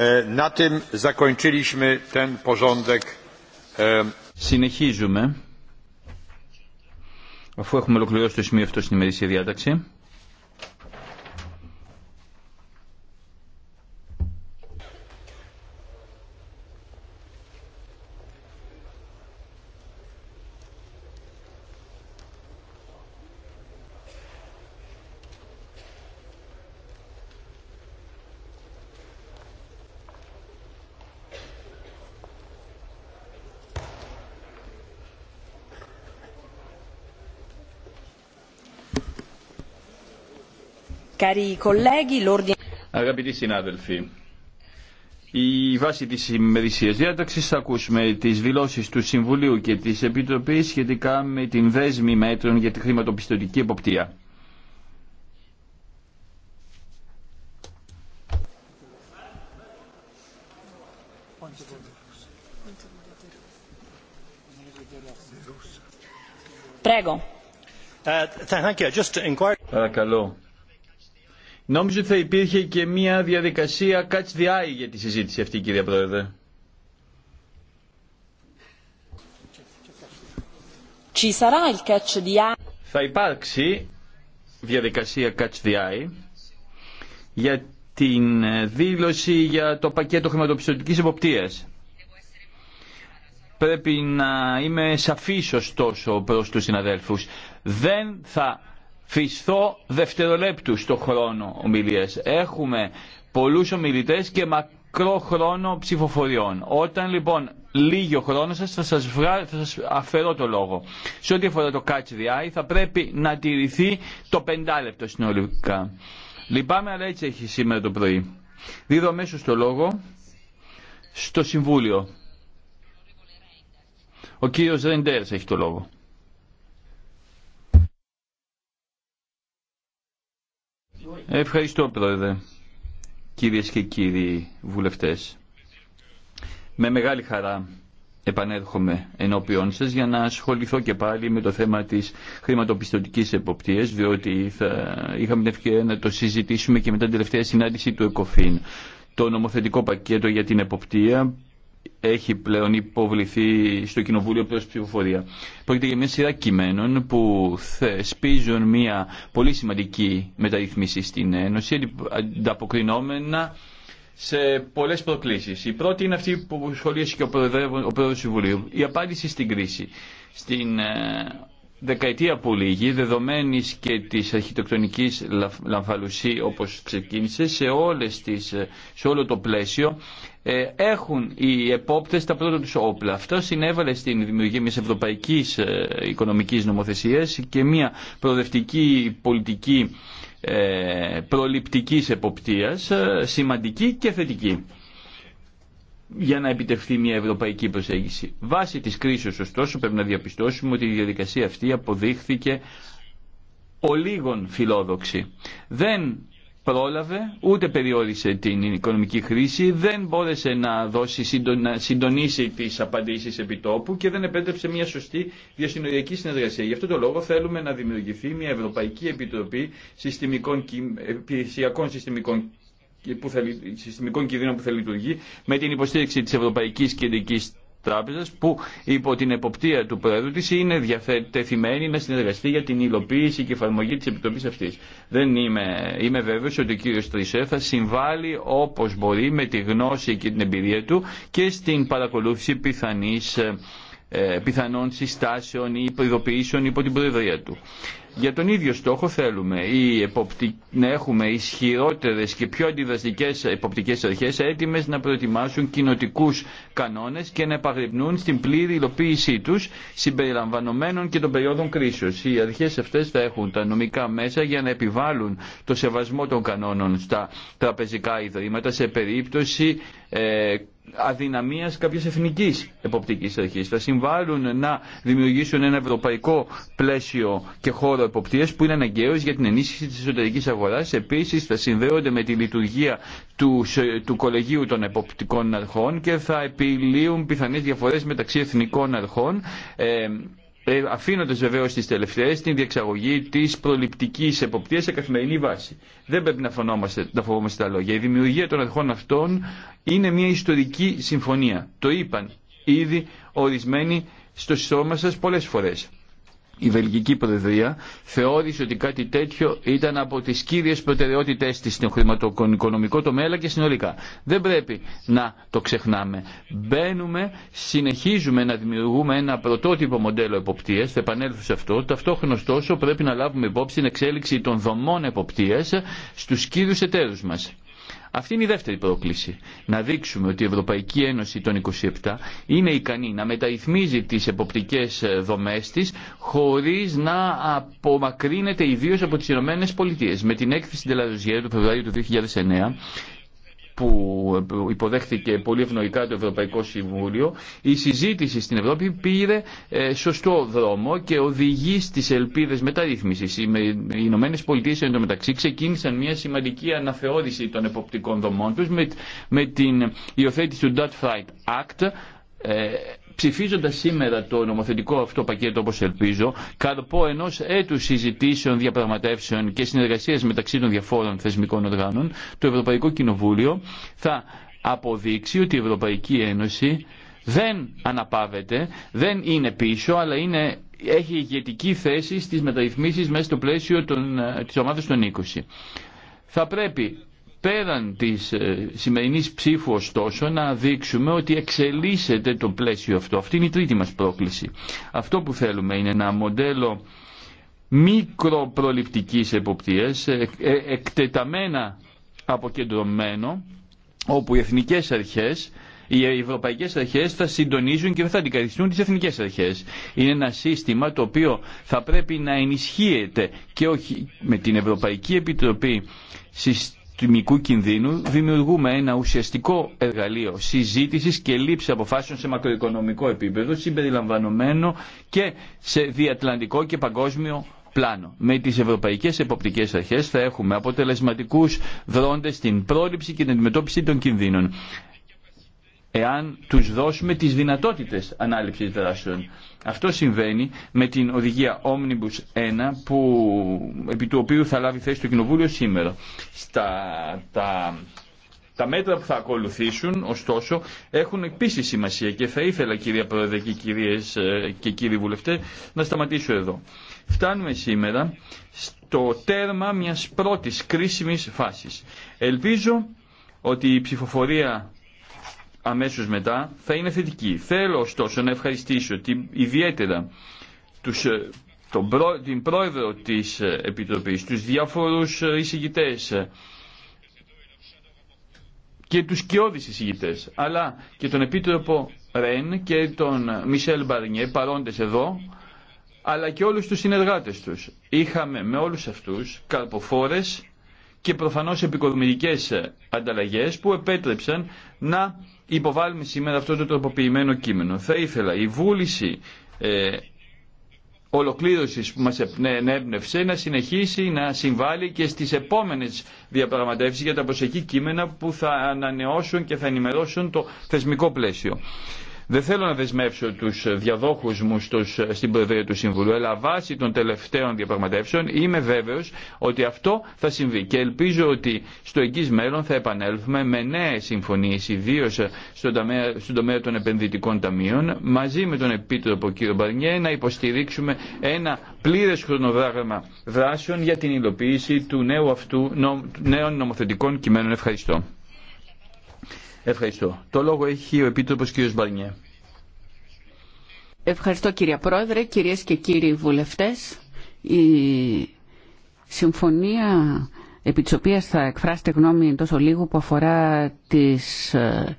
Ε, ε, Συνεχίζουμε, αφού έχουμε ολοκληρώσει το σημείο αυτό στην ημερήσια διάταξη. Αγαπητοί συνάδελφοι, η βάση της ημερησίας διάταξης θα ακούσουμε τις δηλώσεις του Συμβουλίου και της Επιτροπής σχετικά με την δέσμη μέτρων για τη χρηματοπιστωτική εποπτεία. Uh, Παρακαλώ Νόμιζα ότι θα υπήρχε και μια διαδικασία catch the eye για τη συζήτηση αυτή, κυρία Πρόεδρε. Θα υπάρξει διαδικασία catch the eye για την δήλωση για το πακέτο χρηματοπιστωτικής εποπτείας. Πρέπει να είμαι σαφής ωστόσο προς τους συναδέλφους. Δεν θα Φυστώ δευτερολέπτου στο χρόνο ομιλίας. Έχουμε πολλούς ομιλητές και μακρό χρόνο ψηφοφοριών. Όταν λοιπόν λίγη ο χρόνο σας θα σας, βγα... αφαιρώ το λόγο. Σε ό,τι αφορά το catch the eye θα πρέπει να τηρηθεί το πεντάλεπτο συνολικά. Λυπάμαι αλλά έτσι έχει σήμερα το πρωί. Δίδω αμέσω το λόγο στο Συμβούλιο. Ο κύριος Ρεντέρς έχει το λόγο. Ευχαριστώ πρόεδρε, κυρίες και κύριοι βουλευτές. Με μεγάλη χαρά επανέρχομαι ενώπιον σας για να ασχοληθώ και πάλι με το θέμα της χρηματοπιστωτικής εποπτείας διότι είχαμε την ευκαιρία να το συζητήσουμε και μετά την τελευταία συνάντηση του ΕΚΟΦΗΝ. Το νομοθετικό πακέτο για την εποπτεία έχει πλέον υποβληθεί στο Κοινοβούλιο προς ψηφοφορία. Πρόκειται για μια σειρά κειμένων που θεσπίζουν μια πολύ σημαντική μεταρρυθμίση στην Ένωση, ανταποκρινόμενα σε πολλέ προκλήσει. Η πρώτη είναι αυτή που σχολίασε και ο πρόεδρο του Συμβουλίου, η απάντηση στην κρίση. Στην ε, δεκαετία που λύγει, δεδομένης και της αρχιτεκτονικής λαμφαλουσή όπως ξεκίνησε, σε, όλες τις, σε όλο το πλαίσιο ε, έχουν οι επόπτες τα πρώτα τους όπλα. Αυτό συνέβαλε στην δημιουργία μιας ευρωπαϊκής ε, οικονομικής νομοθεσίας και μια προοδευτική πολιτική ε, προληπτικής εποπτείας σημαντική και θετική για να επιτευχθεί μια ευρωπαϊκή προσέγγιση. Βάσει της κρίσης, ωστόσο, πρέπει να διαπιστώσουμε ότι η διαδικασία αυτή αποδείχθηκε ολίγων φιλόδοξη. Δεν πρόλαβε, ούτε περιόρισε την οικονομική χρήση, δεν μπόρεσε να, δώσει, να συντονίσει τις απαντήσεις επιτόπου και δεν επέτρεψε μια σωστή διασυνοριακή συνεργασία. Γι' αυτό το λόγο θέλουμε να δημιουργηθεί μια Ευρωπαϊκή Επιτροπή συστημικών, Συστημικών που συστημικών κινδύνων που θα λειτουργεί με την υποστήριξη της Ευρωπαϊκής Κεντρικής Τράπεζας που υπό την εποπτεία του Πρόεδρου της είναι διαθετημένη να συνεργαστεί για την υλοποίηση και εφαρμογή της Επιτροπής αυτής. Δεν είμαι, είμαι βέβαιος ότι ο κύριος Τρισέ θα συμβάλλει όπως μπορεί με τη γνώση και την εμπειρία του και στην παρακολούθηση πιθανής ε, πιθανών συστάσεων ή προειδοποιήσεων υπό την Προεδρία του. Για τον ίδιο στόχο θέλουμε οι να έχουμε ισχυρότερε και πιο αντιδραστικέ εποπτικέ αρχέ, έτοιμε να προετοιμάσουν κοινοτικού κανόνε και να επαγρυπνούν στην πλήρη υλοποίησή του συμπεριλαμβανομένων και των περίοδων κρίσεω. Οι αρχέ αυτέ θα έχουν τα νομικά μέσα για να επιβάλλουν το σεβασμό των κανόνων στα τραπεζικά ιδρύματα σε περίπτωση ε, αδυναμίας κάποια εθνικής εποπτική αρχής. Θα συμβάλλουν να δημιουργήσουν ένα ευρωπαϊκό πλαίσιο και χώρο εποπτεία που είναι αναγκαίο για την ενίσχυση τη εσωτερική αγορά. Επίση, θα συνδέονται με τη λειτουργία του, του Κολεγίου των Εποπτικών Αρχών και θα επιλύουν πιθανέ διαφορέ μεταξύ εθνικών αρχών. Ε, ε Αφήνοντα βεβαίω τι τελευταίε την διεξαγωγή τη προληπτική εποπτεία σε καθημερινή βάση. Δεν πρέπει να, να φοβόμαστε τα λόγια. Η δημιουργία των αρχών αυτών είναι μια ιστορική συμφωνία. Το είπαν ήδη ορισμένοι στο σώμα σα πολλέ φορέ η Βελγική Προεδρία θεώρησε ότι κάτι τέτοιο ήταν από τις κύριε προτεραιότητέ της στον χρηματοοικονομικό τομέα αλλά και συνολικά. Δεν πρέπει να το ξεχνάμε. Μπαίνουμε, συνεχίζουμε να δημιουργούμε ένα πρωτότυπο μοντέλο εποπτείας, θα επανέλθω σε αυτό. Ταυτόχρονα ωστόσο πρέπει να λάβουμε υπόψη την εξέλιξη των δομών εποπτείας στου κύριου εταίρους μα. Αυτή είναι η δεύτερη πρόκληση. Να δείξουμε ότι η Ευρωπαϊκή Ένωση των 27 είναι ικανή να μεταρρυθμίζει τις εποπτικές ε, δομές της χωρίς να απομακρύνεται ιδίω από τις Ηνωμένε Πολιτείε. Με την έκθεση Ντελαροζιέρ του Φεβρουαρίου του 2009 που υποδέχθηκε πολύ ευνοϊκά το Ευρωπαϊκό Συμβούλιο, η συζήτηση στην Ευρώπη πήρε ε, σωστό δρόμο και οδηγεί στις ελπίδες μεταρρύθμισης. Οι Ηνωμένε Πολιτείε εντωμεταξύ ξεκίνησαν μια σημαντική αναθεώρηση των εποπτικών δομών τους με, με την υιοθέτηση του Dodd-Frank Act, ε, ψηφίζοντας σήμερα το νομοθετικό αυτό πακέτο όπως ελπίζω, καρπό ενός έτους συζητήσεων, διαπραγματεύσεων και συνεργασίας μεταξύ των διαφόρων θεσμικών οργάνων, το Ευρωπαϊκό Κοινοβούλιο θα αποδείξει ότι η Ευρωπαϊκή Ένωση δεν αναπαύεται, δεν είναι πίσω, αλλά είναι, έχει ηγετική θέση στις μεταρρυθμίσεις μέσα στο πλαίσιο των, ε, της των 20. Θα πρέπει πέραν της ε, σημερινής ψήφου ωστόσο να δείξουμε ότι εξελίσσεται το πλαίσιο αυτό. Αυτή είναι η τρίτη μας πρόκληση. Αυτό που θέλουμε είναι ένα μοντέλο μικροπροληπτικής εποπτείας, ε, ε, εκτεταμένα αποκεντρωμένο, όπου οι εθνικές αρχές οι ευρωπαϊκέ αρχέ θα συντονίζουν και θα αντικαθιστούν τι εθνικέ αρχέ. Είναι ένα σύστημα το οποίο θα πρέπει να ενισχύεται και όχι με την Ευρωπαϊκή Επιτροπή κινδύνου δημιουργούμε ένα ουσιαστικό εργαλείο συζήτησης και λήψη αποφάσεων σε μακροοικονομικό επίπεδο συμπεριλαμβανομένο και σε διατλαντικό και παγκόσμιο πλάνο. Με τις ευρωπαϊκές εποπτικές αρχές θα έχουμε αποτελεσματικούς δρόντες στην πρόληψη και την αντιμετώπιση των κινδύνων εάν τους δώσουμε τις δυνατότητες ανάληψης δράσεων. Αυτό συμβαίνει με την οδηγία Omnibus 1 που, επί του οποίου θα λάβει θέση το Κοινοβούλιο σήμερα. Στα, τα, τα μέτρα που θα ακολουθήσουν, ωστόσο, έχουν επίσης σημασία και θα ήθελα κυρία Πρόεδρε και κυρίες ε, και κύριοι βουλευτές να σταματήσω εδώ. Φτάνουμε σήμερα στο τέρμα μιας πρώτης κρίσιμης φάσης. Ελπίζω ότι η ψηφοφορία αμέσως μετά θα είναι θετική. Θέλω ωστόσο να ευχαριστήσω την, ιδιαίτερα τους, ε, τον την πρόεδρο της ε, Επιτροπής, τους διάφορους ε, εισηγητές και τους κοιόδης εισηγητές, αλλά και τον Επίτροπο Ρεν και τον Μισελ Μπαρνιέ παρόντες εδώ, αλλά και όλους τους συνεργάτες τους. Είχαμε με όλους αυτούς καρποφόρες και προφανώς επικοδομητικές ανταλλαγές που επέτρεψαν να υποβάλλουμε σήμερα αυτό το τροποποιημένο κείμενο. Θα ήθελα η βούληση ε, ολοκλήρωσης που μας ενέπνευσε ναι, ναι, να συνεχίσει να συμβάλλει και στις επόμενες διαπραγματεύσεις για τα προσεχή κείμενα που θα ανανεώσουν και θα ενημερώσουν το θεσμικό πλαίσιο. Δεν θέλω να δεσμεύσω τους διαδόχους μου στους, στην Προεδρία του Συμβουλίου, αλλά βάσει των τελευταίων διαπραγματεύσεων είμαι βέβαιο ότι αυτό θα συμβεί και ελπίζω ότι στο εγγύς μέλλον θα επανέλθουμε με νέε συμφωνίε, ιδίω στον τομέα, τομέα των επενδυτικών ταμείων, μαζί με τον Επίτροπο κ. Μπαρνιέ να υποστηρίξουμε ένα πλήρε χρονοδράγμα δράσεων για την υλοποίηση του νέου αυτού νέων νομοθετικών κειμένων. Ευχαριστώ. Ευχαριστώ. Το λόγο έχει ο Επίτροπος κ. Μπαρνιέ. Ευχαριστώ κυρία Πρόεδρε, κυρίες και κύριοι βουλευτές. Η συμφωνία επί της οποίας θα εκφράσετε γνώμη τόσο λίγο που αφορά τις, ε,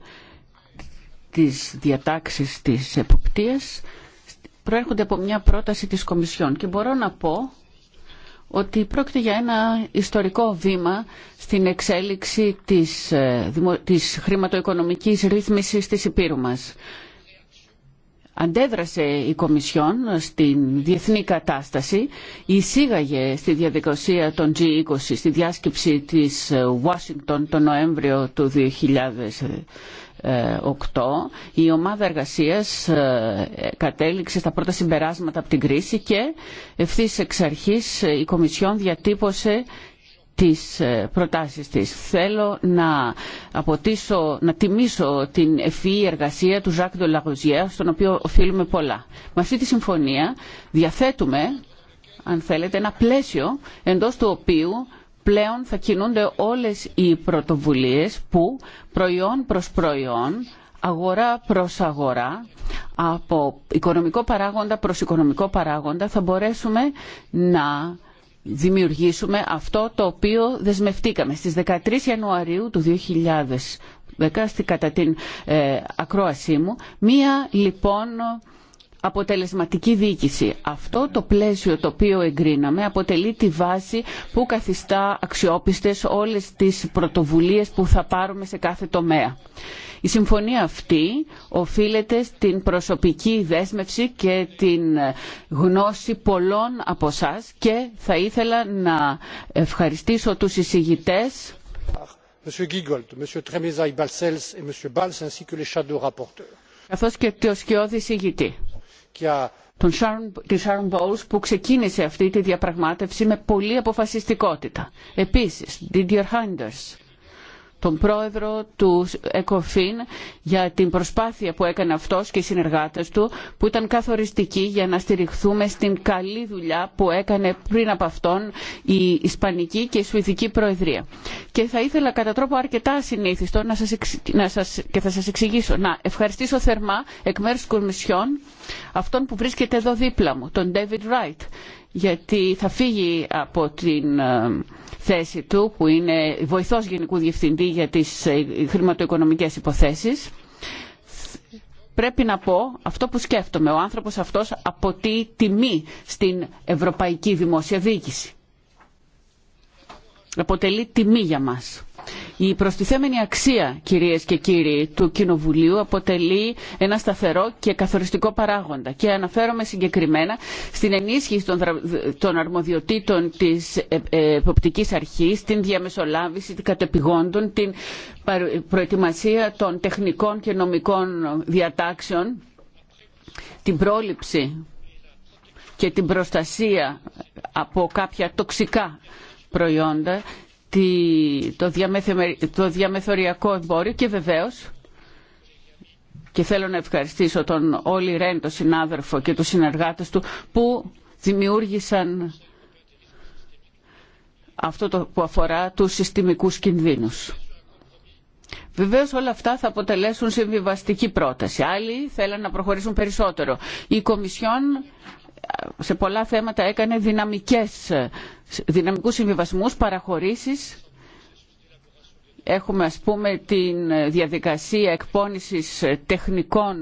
τις διατάξεις της εποπτείας προέρχονται από μια πρόταση της Κομισιόν και μπορώ να πω ότι πρόκειται για ένα ιστορικό βήμα στην εξέλιξη της, ε, της χρηματοοικονομικής ρύθμισης της Υπήρου μας αντέδρασε η Κομισιόν στην διεθνή κατάσταση, εισήγαγε στη διαδικασία των G20 στη διάσκεψη της Ουάσιγκτον τον Νοέμβριο του 2008. Η ομάδα εργασίας ε, κατέληξε στα πρώτα συμπεράσματα από την κρίση και ευθύς εξ αρχής η Κομισιόν διατύπωσε τις ε, προτάσεις της. Θέλω να αποτίσω, να τιμήσω την ευφυή εργασία του Ζακ Ντολαγουζιέ, στον οποίο οφείλουμε πολλά. Με αυτή τη συμφωνία διαθέτουμε, αν θέλετε, ένα πλαίσιο εντός του οποίου πλέον θα κινούνται όλες οι πρωτοβουλίες που προϊόν προς προϊόν, αγορά προς αγορά, από οικονομικό παράγοντα προς οικονομικό παράγοντα θα μπορέσουμε να δημιουργήσουμε αυτό το οποίο δεσμευτήκαμε. Στις 13 Ιανουαρίου του 2010, κατά την ε, ακρόασή μου, μία λοιπόν αποτελεσματική διοίκηση. Αυτό το πλαίσιο το οποίο εγκρίναμε αποτελεί τη βάση που καθιστά αξιόπιστες όλες τις πρωτοβουλίες που θα πάρουμε σε κάθε τομέα. Η συμφωνία αυτή οφείλεται στην προσωπική δέσμευση και την γνώση πολλών από εσά και θα ήθελα να ευχαριστήσω τους εισηγητές Monsieur Καθώς και το σκιώδη εισηγητή την Sharon, Bowles που ξεκίνησε αυτή τη διαπραγμάτευση με πολλή αποφασιστικότητα. Επίσης, Didier Hinders τον πρόεδρο του ΕΚΟΦΗΝ για την προσπάθεια που έκανε αυτός και οι συνεργάτες του που ήταν καθοριστική για να στηριχθούμε στην καλή δουλειά που έκανε πριν από αυτόν η Ισπανική και η Σουηδική Προεδρία. Και θα ήθελα κατά τρόπο αρκετά ασυνήθιστο να σας, και θα σας εξηγήσω να ευχαριστήσω θερμά εκ μέρους Κομισιόν αυτόν που βρίσκεται εδώ δίπλα μου, τον David Wright γιατί θα φύγει από την ε, θέση του που είναι βοηθός Γενικού Διευθυντή για τις ε, χρηματοοικονομικές υποθέσεις. Πρέπει να πω αυτό που σκέφτομαι. Ο άνθρωπος αυτός αποτεί τιμή στην Ευρωπαϊκή Δημόσια Διοίκηση. Αποτελεί τιμή για μας. Η προστιθέμενη αξία, κυρίες και κύριοι, του Κοινοβουλίου αποτελεί ένα σταθερό και καθοριστικό παράγοντα και αναφέρομαι συγκεκριμένα στην ενίσχυση των αρμοδιοτήτων της ε, ε, εποπτικής αρχής, την διαμεσολάβηση των κατεπηγόντων, την προετοιμασία των τεχνικών και νομικών διατάξεων, την πρόληψη και την προστασία από κάποια τοξικά προϊόντα το διαμεθοριακό εμπόριο και βεβαίως και θέλω να ευχαριστήσω τον Όλη Ρέν, τον συνάδελφο και τους συνεργάτες του που δημιούργησαν αυτό το που αφορά τους συστημικούς κινδύνους. Βεβαίως όλα αυτά θα αποτελέσουν συμβιβαστική πρόταση. Άλλοι θέλαν να προχωρήσουν περισσότερο. Η Κομισιόν σε πολλά θέματα έκανε δυναμικές, δυναμικούς συμβιβασμούς, παραχωρήσεις. Έχουμε ας πούμε την διαδικασία εκπόνησης τεχνικών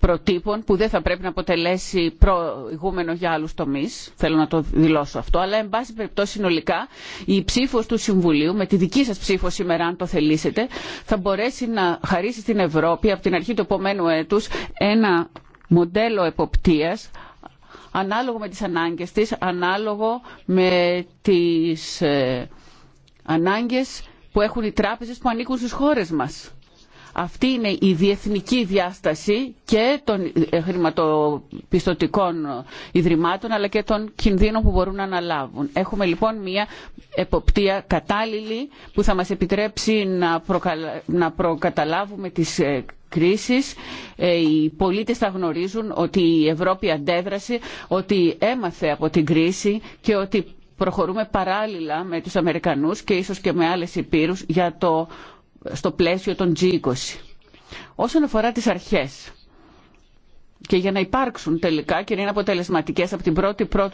προτύπων που δεν θα πρέπει να αποτελέσει προηγούμενο για άλλους τομείς, θέλω να το δηλώσω αυτό, αλλά εν πάση περιπτώσει συνολικά η ψήφος του Συμβουλίου, με τη δική σας ψήφο σήμερα αν το θελήσετε, θα μπορέσει να χαρίσει στην Ευρώπη από την αρχή του επόμενου έτους ένα μοντέλο εποπτείας ανάλογο με τις ανάγκες της, ανάλογο με τις ε, ανάγκες που έχουν οι τράπεζες που ανήκουν στις χώρες μας. Αυτή είναι η διεθνική διάσταση και των χρηματοπιστωτικών ιδρυμάτων αλλά και των κινδύνων που μπορούν να αναλάβουν. Έχουμε λοιπόν μια εποπτεία κατάλληλη που θα μας επιτρέψει να, προκαταλάβουμε τις ε, κρίσεις. Ε, οι πολίτες θα γνωρίζουν ότι η Ευρώπη αντέδρασε, ότι έμαθε από την κρίση και ότι προχωρούμε παράλληλα με τους Αμερικανούς και ίσως και με άλλες υπήρους για το στο πλαίσιο των G20. Όσον αφορά τις αρχές και για να υπάρξουν τελικά και να είναι αποτελεσματικές από την 1η 2011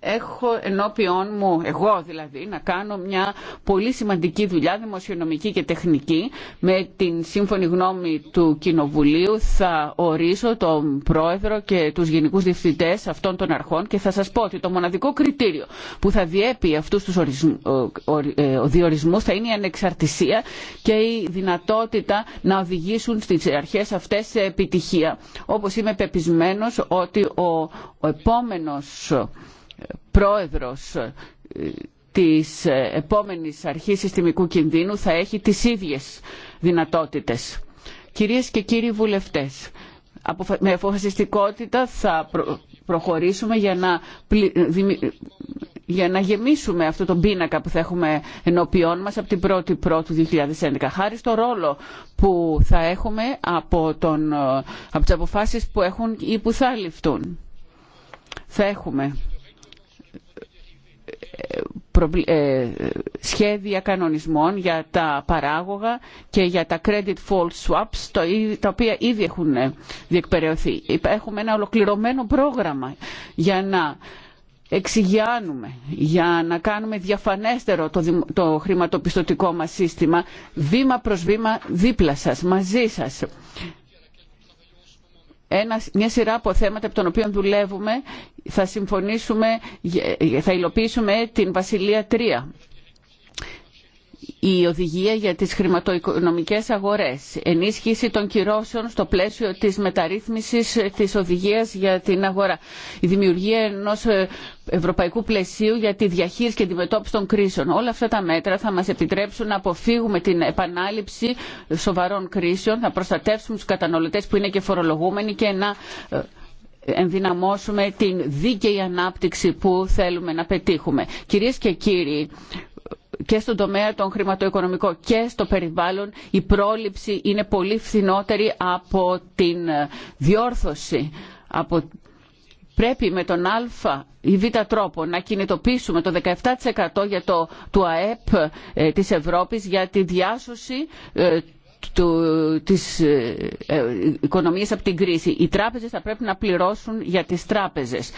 έχω ενώπιόν μου, εγώ δηλαδή, να κάνω μια πολύ σημαντική δουλειά δημοσιονομική και τεχνική. Με την σύμφωνη γνώμη του Κοινοβουλίου θα ορίσω τον Πρόεδρο και τους Γενικούς Διευθυντές αυτών των αρχών και θα σας πω ότι το μοναδικό κριτήριο που θα διέπει αυτούς τους ε, διορισμούς θα είναι η ανεξαρτησία και η δυνατότητα να οδηγήσουν στις αρχές αυτές σε επιτυχία. Όπως είμαι πεπισμένος ότι ο, ο επόμενος πρόεδρος ε, της επόμενης αρχής συστημικού κινδύνου θα έχει τις ίδιες δυνατότητες. Κυρίες και κύριοι βουλευτές, με αποφασιστικότητα θα προχωρήσουμε για να, γεμίσουμε αυτό το πίνακα που θα έχουμε ενώπιόν μας από την 1η Πρώτου 2011. Χάρη στο ρόλο που θα έχουμε από, τον, ε, από τις αποφάσεις που έχουν ή που θα ληφθούν. Θα έχουμε ε, σχέδια κανονισμών για τα παράγωγα και για τα credit fault swaps, τα οποία ήδη έχουν ε, διεκπαιρεωθεί. Έχουμε ένα ολοκληρωμένο πρόγραμμα για να εξηγιάνουμε, για να κάνουμε διαφανέστερο το χρηματοπιστωτικό μας σύστημα, βήμα προς βήμα δίπλα σας, μαζί σας μια σειρά από θέματα από τον οποίο δουλεύουμε θα συμφωνήσουμε, ε, ε, θα υλοποιήσουμε την Βασιλεία 3 η οδηγία για τις χρηματοοικονομικές αγορές, ενίσχυση των κυρώσεων στο πλαίσιο της μεταρρύθμισης της οδηγίας για την αγορά, η δημιουργία ενός ε, ευρωπαϊκού πλαισίου για τη διαχείριση και αντιμετώπιση των κρίσεων. Όλα αυτά τα μέτρα θα μας επιτρέψουν να αποφύγουμε την επανάληψη σοβαρών κρίσεων, θα προστατεύσουμε τους καταναλωτές που είναι και φορολογούμενοι και να ε, ενδυναμώσουμε την δίκαιη ανάπτυξη που θέλουμε να πετύχουμε. Κυρίες και κύριοι, και στον τομέα των χρηματοοικονομικών και στο περιβάλλον η πρόληψη είναι πολύ φθηνότερη από την ε, διόρθωση. Πρέπει με τον α ή β τρόπο να κινητοποιήσουμε το 17% για το, του ΑΕΠ ε, της Ευρώπης για τη διάσωση ε, του, της ε, ε, οικονομίας από την κρίση. Οι τράπεζες θα πρέπει να πληρώσουν για τις τράπεζες.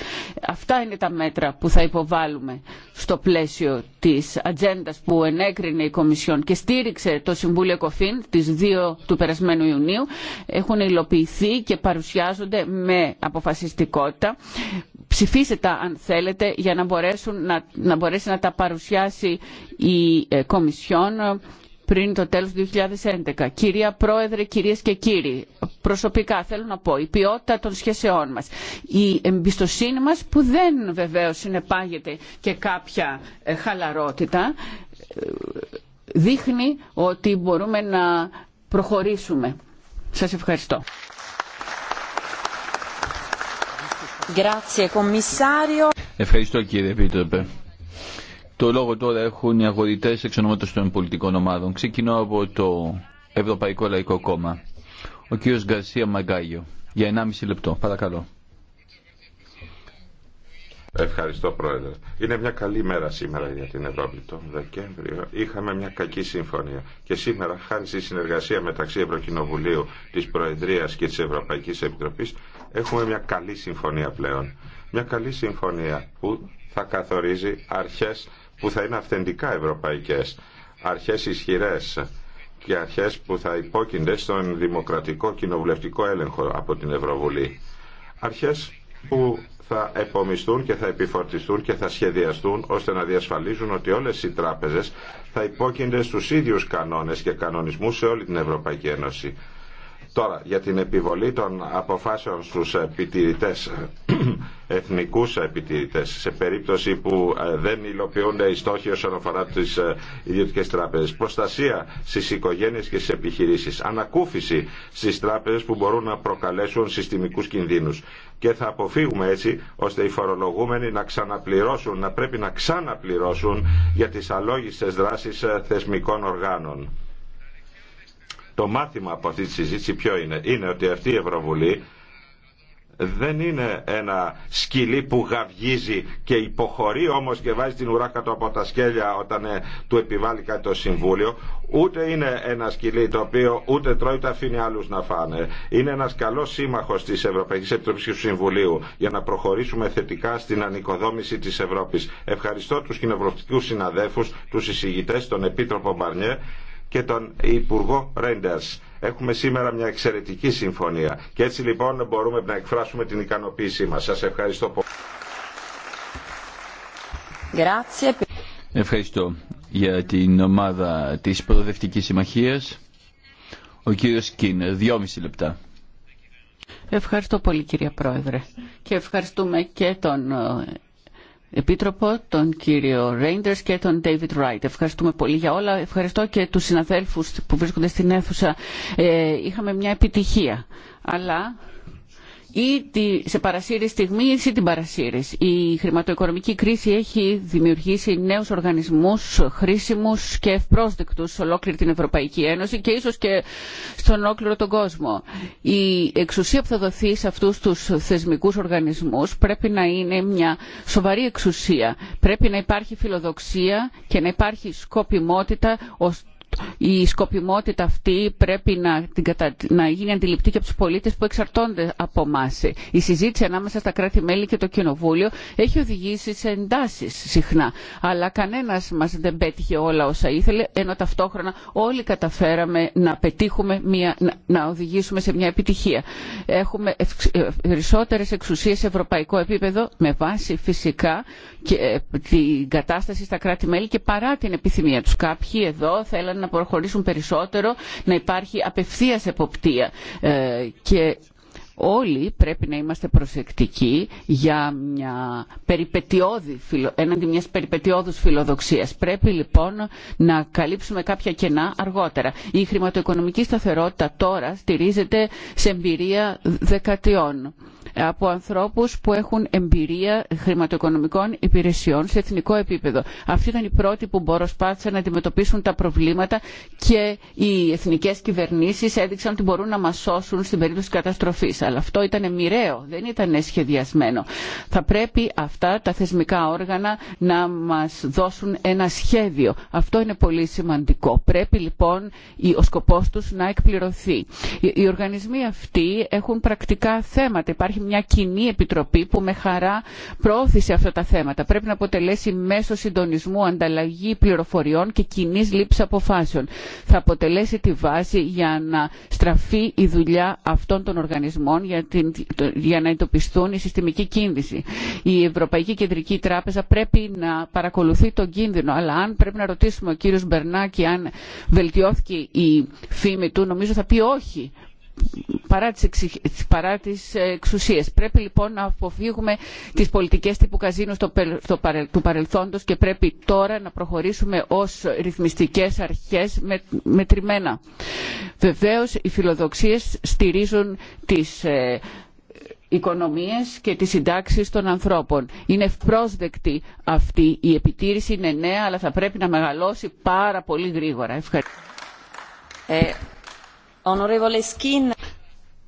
Αυτά είναι τα μέτρα που θα υποβάλουμε στο πλαίσιο της ατζέντα που ενέκρινε η Κομισιόν και στήριξε το Συμβούλιο Κοφίν τις 2 του περασμένου Ιουνίου. Έχουν υλοποιηθεί και παρουσιάζονται με αποφασιστικότητα. Ψηφίστε τα αν θέλετε για να, να, μπορέσει να τα παρουσιάσει η ε, Κομισιόν πριν το τέλος του 2011. Κυρία Πρόεδρε, κυρίες και κύριοι, προσωπικά θέλω να πω η ποιότητα των σχέσεών μας, η εμπιστοσύνη μας που δεν βεβαίως συνεπάγεται και κάποια ε, χαλαρότητα, ε, δείχνει ότι μπορούμε να προχωρήσουμε. Σας ευχαριστώ. Ευχαριστώ κύριε Επίτροπε. Το λόγο τώρα έχουν οι αγορητέ εξ ονόματο των πολιτικών ομάδων. Ξεκινώ από το Ευρωπαϊκό Λαϊκό Κόμμα. Ο κ. Γκαρσία Μαγκάγιο. Για 1,5 λεπτό. Παρακαλώ. Ευχαριστώ Πρόεδρε. Είναι μια καλή μέρα σήμερα για την Ευρώπη. Το Δεκέμβριο είχαμε μια κακή συμφωνία και σήμερα χάρη στη συνεργασία μεταξύ Ευρωκοινοβουλίου, τη Προεδρία και τη Ευρωπαϊκή Επιτροπή. έχουμε μια καλή συμφωνία πλέον. Μια καλή συμφωνία που θα καθορίζει αρχές που θα είναι αυθεντικά ευρωπαϊκές, αρχές ισχυρές και αρχές που θα υπόκεινται στον δημοκρατικό κοινοβουλευτικό έλεγχο από την Ευρωβουλή. Αρχές που θα επομιστούν και θα επιφορτιστούν και θα σχεδιαστούν ώστε να διασφαλίζουν ότι όλες οι τράπεζες θα υπόκεινται στους ίδιους κανόνες και κανονισμούς σε όλη την Ευρωπαϊκή Ένωση. Τώρα, για την επιβολή των αποφάσεων στους επιτηρητές Εθνικού επιτήρητέ, σε περίπτωση που ε, δεν υλοποιούνται οι στόχοι όσον αφορά τι ε, ιδιωτικές τράπεζες. Προστασία στι οικογένειε και στις επιχειρήσει, Ανακούφιση στι τράπεζε που μπορούν να προκαλέσουν συστημικού κινδύνους. Και θα αποφύγουμε έτσι ώστε οι φορολογούμενοι να ξαναπληρώσουν, να πρέπει να ξαναπληρώσουν για τις αλόγιστε δράσει ε, θεσμικών οργάνων. Το μάθημα από αυτή τη συζήτηση ποιο είναι. Είναι ότι αυτή η Ευρωβουλή δεν είναι ένα σκυλί που γαυγίζει και υποχωρεί όμως και βάζει την ουρά κάτω από τα σκέλια όταν ε, του επιβάλλει κάτι το Συμβούλιο ούτε είναι ένα σκυλί το οποίο ούτε τρώει ούτε αφήνει άλλους να φάνε. Είναι ένας καλός σύμμαχος της Ευρωπαϊκής Επιτροπής και του Συμβουλίου για να προχωρήσουμε θετικά στην ανοικοδόμηση της Ευρώπης. Ευχαριστώ τους κοινοβουλευτικούς συναδέφους, τους εισηγητές, τον Επίτροπο Μπαρνιέ και τον Υπουργό Ρέντερς. Έχουμε σήμερα μια εξαιρετική συμφωνία και έτσι λοιπόν μπορούμε να εκφράσουμε την ικανοποίησή μας. Σας ευχαριστώ πολύ. Ευχαριστώ για την ομάδα της Προοδευτικής Συμμαχίας. Ο κύριος Κίν, δυόμιση λεπτά. Ευχαριστώ πολύ κύριε Πρόεδρε και ευχαριστούμε και τον ε, Επίτροπο, τον κύριο Ρέιντερς και τον David Wright. Ευχαριστούμε πολύ για όλα. Ευχαριστώ και τους συναδέλφους που βρίσκονται στην αίθουσα. Ε, είχαμε μια επιτυχία, αλλά ή σε παρασύρει στιγμή ή την παρασύρει. Η χρηματοοικονομική κρίση έχει δημιουργήσει νέους οργανισμούς χρήσιμους και ευπρόσδεκτους σε ολόκληρη την Ευρωπαϊκή δημιουργησει νεους οργανισμους χρησιμου και ίσως και στον ολόκληρο τον κόσμο. Η εξουσία που θα δοθεί σε αυτούς τους θεσμικούς οργανισμούς πρέπει να είναι μια σοβαρή εξουσία. Πρέπει να υπάρχει φιλοδοξία και να υπάρχει σκοπιμότητα η σκοπιμότητα αυτή πρέπει να, γίνει αντιληπτή και από τους πολίτες που εξαρτώνται από εμά. Η συζήτηση ανάμεσα στα κράτη-μέλη και το Κοινοβούλιο έχει οδηγήσει σε εντάσεις συχνά. Αλλά κανένας μας δεν πέτυχε όλα όσα ήθελε, ενώ ταυτόχρονα όλοι καταφέραμε να πετύχουμε, μια... να οδηγήσουμε σε μια επιτυχία. Έχουμε ε, περισσότερες εξουσίες σε ευρωπαϊκό επίπεδο, με βάση φυσικά και ε, την κατάσταση στα κράτη-μέλη και παρά την επιθυμία τους. Κάποιοι εδώ θέλαν να προχωρήσουν περισσότερο, να υπάρχει απευθείας εποπτεία. Ε, και όλοι πρέπει να είμαστε προσεκτικοί για μια περιπετειώδη, φιλοδοξία. περιπετειώδους φιλοδοξίας. Πρέπει λοιπόν να καλύψουμε κάποια κενά αργότερα. Η χρηματοοικονομική σταθερότητα τώρα στηρίζεται σε εμπειρία δεκατιών από ανθρώπους που έχουν εμπειρία χρηματοοικονομικών υπηρεσιών σε εθνικό επίπεδο. Αυτοί ήταν οι πρώτοι που προσπάθησαν να αντιμετωπίσουν τα προβλήματα και οι εθνικές κυβερνήσεις έδειξαν ότι μπορούν να μας σώσουν στην περίπτωση καταστροφής. Αλλά αυτό ήταν μοιραίο, δεν ήταν σχεδιασμένο. Θα πρέπει αυτά τα θεσμικά όργανα να μας δώσουν ένα σχέδιο. Αυτό είναι πολύ σημαντικό. Πρέπει λοιπόν ο σκοπός τους να εκπληρωθεί. Οι οργανισμοί αυτοί έχουν πρακτικά θέματα υπάρχει μια κοινή επιτροπή που με χαρά προώθησε αυτά τα θέματα. Πρέπει να αποτελέσει μέσο συντονισμού ανταλλαγή πληροφοριών και κοινή λήψη αποφάσεων. Θα αποτελέσει τη βάση για να στραφεί η δουλειά αυτών των οργανισμών για, να εντοπιστούν η συστημική κίνδυση. Η Ευρωπαϊκή Κεντρική Τράπεζα πρέπει να παρακολουθεί τον κίνδυνο, αλλά αν πρέπει να ρωτήσουμε ο κύριος Μπερνάκη αν βελτιώθηκε η φήμη του, νομίζω θα πει όχι παρά τις εξουσίες. Πρέπει λοιπόν να αποφύγουμε τις πολιτικές τύπου καζίνου του παρελθόντος και πρέπει τώρα να προχωρήσουμε ως ρυθμιστικές αρχές μετρημένα. Βεβαίως οι φιλοδοξίες στηρίζουν τις ε, οικονομίες και τις συντάξεις των ανθρώπων. Είναι ευπρόσδεκτη αυτή η επιτήρηση, είναι νέα αλλά θα πρέπει να μεγαλώσει πάρα πολύ γρήγορα. Ευχαριστώ. Ε,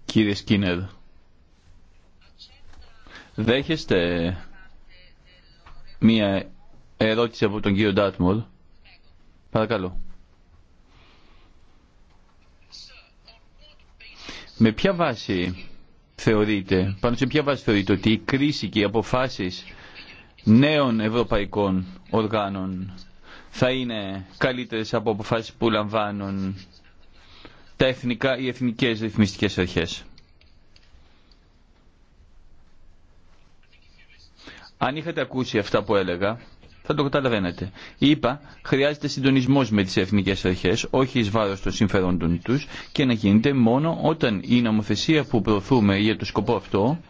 Κύριε Σκίνερ, δέχεστε μία ερώτηση από τον κύριο Ντάτμορ. Παρακαλώ. Με ποια βάση θεωρείτε, πάνω σε ποια βάση θεωρείτε ότι η κρίση και οι αποφάσεις νέων ευρωπαϊκών οργάνων θα είναι καλύτερες από αποφάσεις που λαμβάνουν τα εθνικά, ή εθνικές ρυθμιστικές αρχές. Αν είχατε ακούσει αυτά που έλεγα, θα το καταλαβαίνετε. Είπα, χρειάζεται συντονισμό με τι εθνικέ αρχέ, όχι ει βάρο των συμφερόντων του και να γίνεται μόνο όταν η νομοθεσία που προωθούμε για το σκοπό αυτό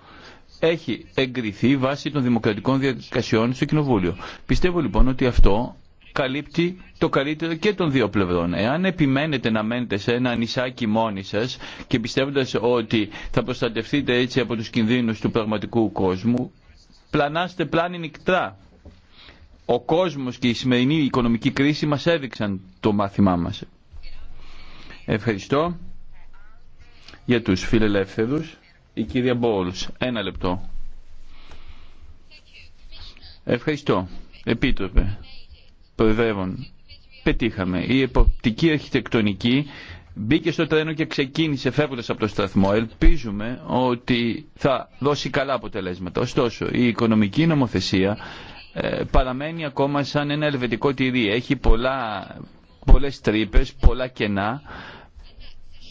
έχει εγκριθεί βάσει των δημοκρατικών διαδικασιών στο Κοινοβούλιο. Πιστεύω λοιπόν ότι αυτό καλύπτει το καλύτερο και των δύο πλευρών. Εάν επιμένετε να μένετε σε ένα νησάκι μόνοι σα και πιστεύοντα ότι θα προστατευτείτε έτσι από τους κινδύνους του πραγματικού κόσμου, πλανάστε πλάνη νυχτρά. Ο κόσμος και η σημερινή οικονομική κρίση μας έδειξαν το μάθημά μας. Ευχαριστώ για του φιλελεύθερου. Η κυρία Μπόλ, ένα λεπτό. Ευχαριστώ. Επίτροπε προεδρεύων. Πετύχαμε. Η εποπτική αρχιτεκτονική μπήκε στο τρένο και ξεκίνησε φεύγοντας από το σταθμό. Ελπίζουμε ότι θα δώσει καλά αποτελέσματα. Ωστόσο, η οικονομική νομοθεσία ε, παραμένει ακόμα σαν ένα ελβετικό τυρί. Έχει πολλά, πολλές τρύπες, πολλά κενά